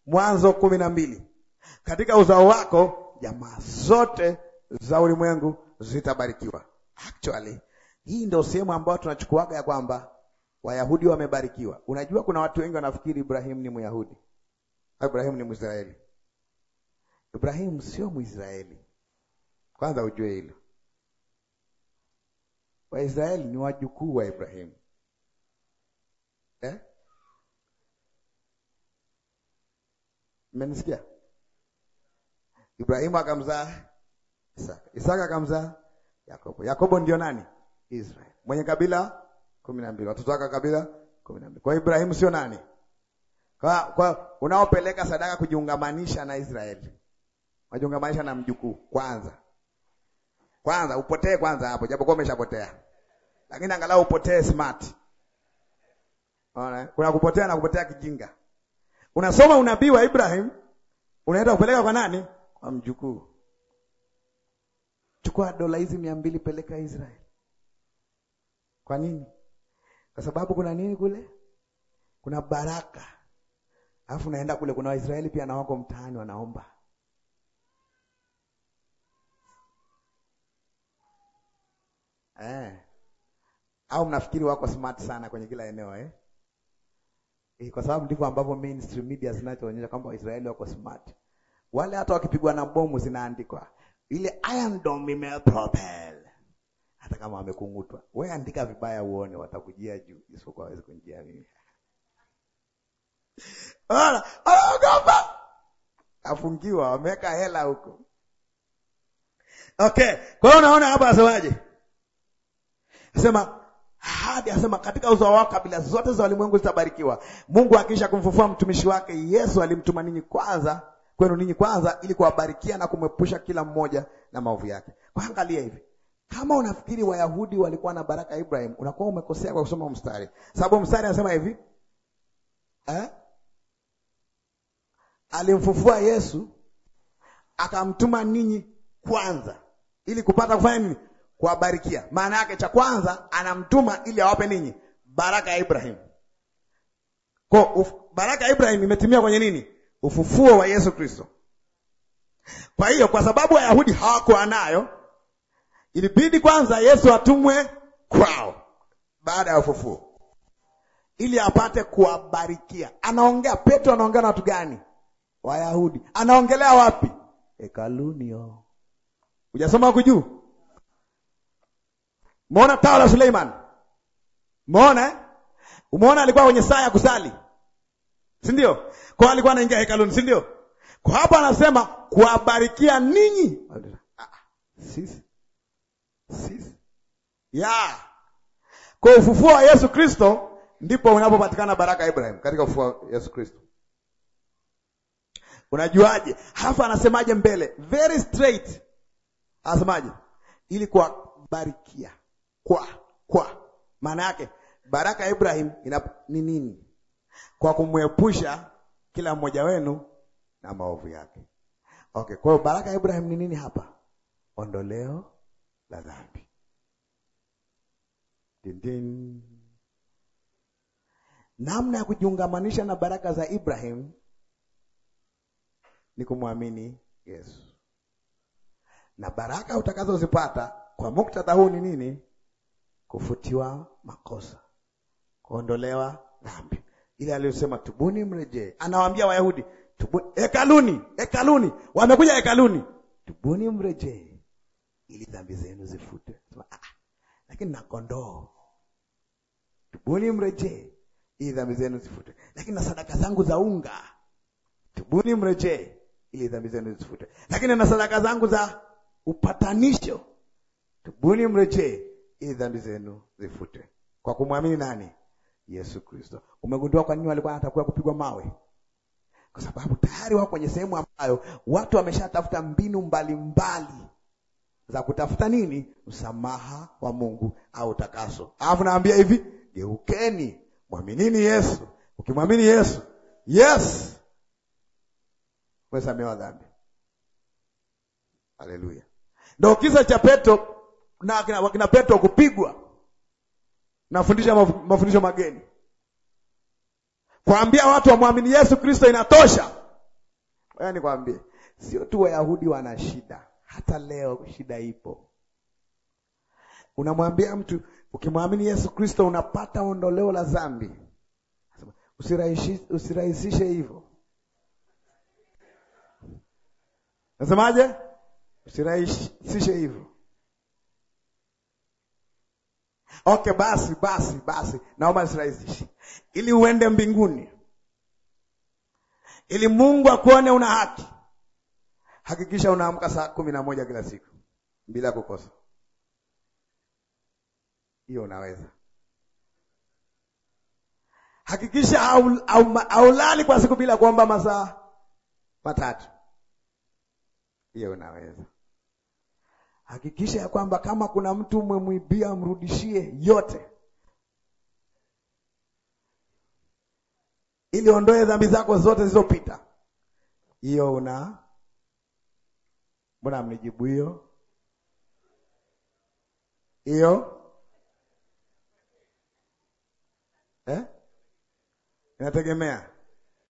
Mwanzo kumi na mbili, katika uzao wako jamaa zote za ulimwengu zitabarikiwa. Actually, hii ndio sehemu ambayo tunachukuaga ya kwamba Wayahudi wamebarikiwa. Unajua, kuna watu wengi wanafikiri Ibrahimu ni Myahudi. Ibrahimu ni Mwisraeli. Ibrahimu sio Mwisraeli, kwanza ujue hilo. Waisraeli ni wajukuu wa Ibrahimu eh? Mmenisikia? Ibrahimu akamzaa Isaka, Isaka akamzaa Yakobo, Yakobo ndio nani? Israeli mwenye kabila kumi na mbili, watoto wake kabila kumi na mbili. Kwa Ibrahimu sio nani? Kwa, kwa unaopeleka sadaka kujiungamanisha na Israeli. Unajiungamanisha na mjukuu kwanza. Kwanza upotee kwanza hapo, japokuwa umeshapotea. Lakini angalau upotee smart. Ona, Kuna kupotea na kupotea kijinga. Unasoma unabii wa Ibrahim, unaenda kupeleka kwa nani? Kwa mjukuu. Chukua dola hizi mia mbili peleka Israeli. Kwa nini? Kwa sababu kuna nini kule? Kuna baraka. Alafu naenda kule, kuna Waisraeli pia na wako mtaani wanaomba. Eh. Au mnafikiri wako smart sana kwenye kila eneo eh? eh kwa sababu ndivyo ambavyo mainstream media zinachoonyesha kwamba Waisraeli wako smart. Wale hata wakipigwa na bomu zinaandikwa ile Iron Dome imepropel. Hata kama wamekungutwa. Wewe andika vibaya uone watakujia juu, isipokuwa hawezi kunijia mimi. Unaona? Anaogopa. Afungiwa, ameweka hela huko. Okay, kwa hiyo unaona hapa asemaje? Anasema hadi asema katika uzao wako kabila zote za ulimwengu zitabarikiwa. Mungu akisha kumfufua mtumishi wake Yesu alimtuma ninyi kwanza kwenu ninyi kwanza ili kuwabarikia na kumwepusha kila mmoja na maovu yake. Kwa angalia hivi. Kama unafikiri Wayahudi walikuwa na baraka Ibrahim, unakuwa umekosea kwa kusoma mstari. Sababu mstari anasema hivi. Eh? alimfufua Yesu akamtuma ninyi kwanza ili kupata kufanya nini? Kuwabarikia. Maana yake cha kwanza anamtuma ili awape ninyi baraka ya Ibrahim. Kwa uf, baraka ya Ibrahim imetimia kwenye nini? Ufufuo wa Yesu Kristo. Kwa hiyo kwa sababu Wayahudi hawakuwa nayo, ilibidi kwanza Yesu atumwe kwao baada ya ufufuo ili apate kuwabarikia. Anaongea Petro, anaongea na watu gani? Wayahudi. Anaongelea wapi? Hekaluni. Hujasoma huko juu? Muona tawa la Suleiman? Umeona? Eh? Umeona alikuwa kwenye saa ya kusali. Si ndio? Kwa alikuwa anaingia hekaluni, si ndio? Kwa hapa anasema kuwabarikia ninyi. Ah, sisi. Sisi. Yeah. Kwa ufufuo wa Yesu Kristo ndipo unapopatikana baraka ya Ibrahim katika ufufuo wa Yesu Kristo. Unajuaje? Halafu anasemaje mbele, very straight, anasemaje? Ili kuwabarikia kwa kwa, maana yake baraka ya Ibrahim ni nini? Kwa kumwepusha kila mmoja wenu na maovu yake. Okay, kwa hiyo baraka ya Ibrahim ni nini hapa? Ondoleo la dhambi. Namna ya kujiungamanisha na baraka za Ibrahim ni kumwamini Yesu. Na baraka utakazozipata kwa muktadha huu ni nini? Kufutiwa makosa, kuondolewa dhambi, ile aliyosema tubuni, mrejee. Anawaambia Wayahudi tubuni, hekaluni, hekaluni, wamekuja hekaluni, tubuni, mrejee ili dhambi zenu zifutwe. Ah, lakini na kondoo, tubuni, mrejee ili dhambi zenu zifutwe, lakini na sadaka zangu za unga, tubuni, mrejee ili dhambi zenu zisifute, lakini na sadaka zangu za upatanisho, tubuni mrejee, ili dhambi zenu zifute, kwa kumwamini nani? Yesu Kristo. Umegundua kwa nini walikuwa anatakiwa kupigwa mawe? Kwa sababu tayari wako kwenye sehemu ambayo watu wameshatafuta mbinu mbalimbali mbali za kutafuta nini? Msamaha wa Mungu au utakaso. Alafu naambia hivi, geukeni, mwaminini Yesu. Ukimwamini Yesu, yes umesamewa dhambi. Haleluya! Ndio kisa cha Petro na wakina Petro kupigwa, nafundisha mafundisho mageni, kuambia watu wamwamini Yesu Kristo inatosha. Wewe nikwambie, sio tu Wayahudi wana shida, hata leo shida ipo. Unamwambia mtu ukimwamini Yesu Kristo unapata ondoleo la dhambi, usirahisishe hivyo Nasemaje? Usirahisishe hivyo. Okay, basi basi basi, naomba nisirahisishe, ili uende mbinguni, ili Mungu akuone una haki. Hakikisha unaamka saa kumi na moja kila siku bila kukosa. Hiyo unaweza hakikisha, haulali au, au kwa siku bila kuomba masaa matatu hiyo unaweza hakikisha ya kwamba kama kuna mtu umemwibia, mrudishie yote, ili ondoe dhambi zako zote zilizopita. Hiyo una mbona mnijibu hiyo hiyo eh? Inategemea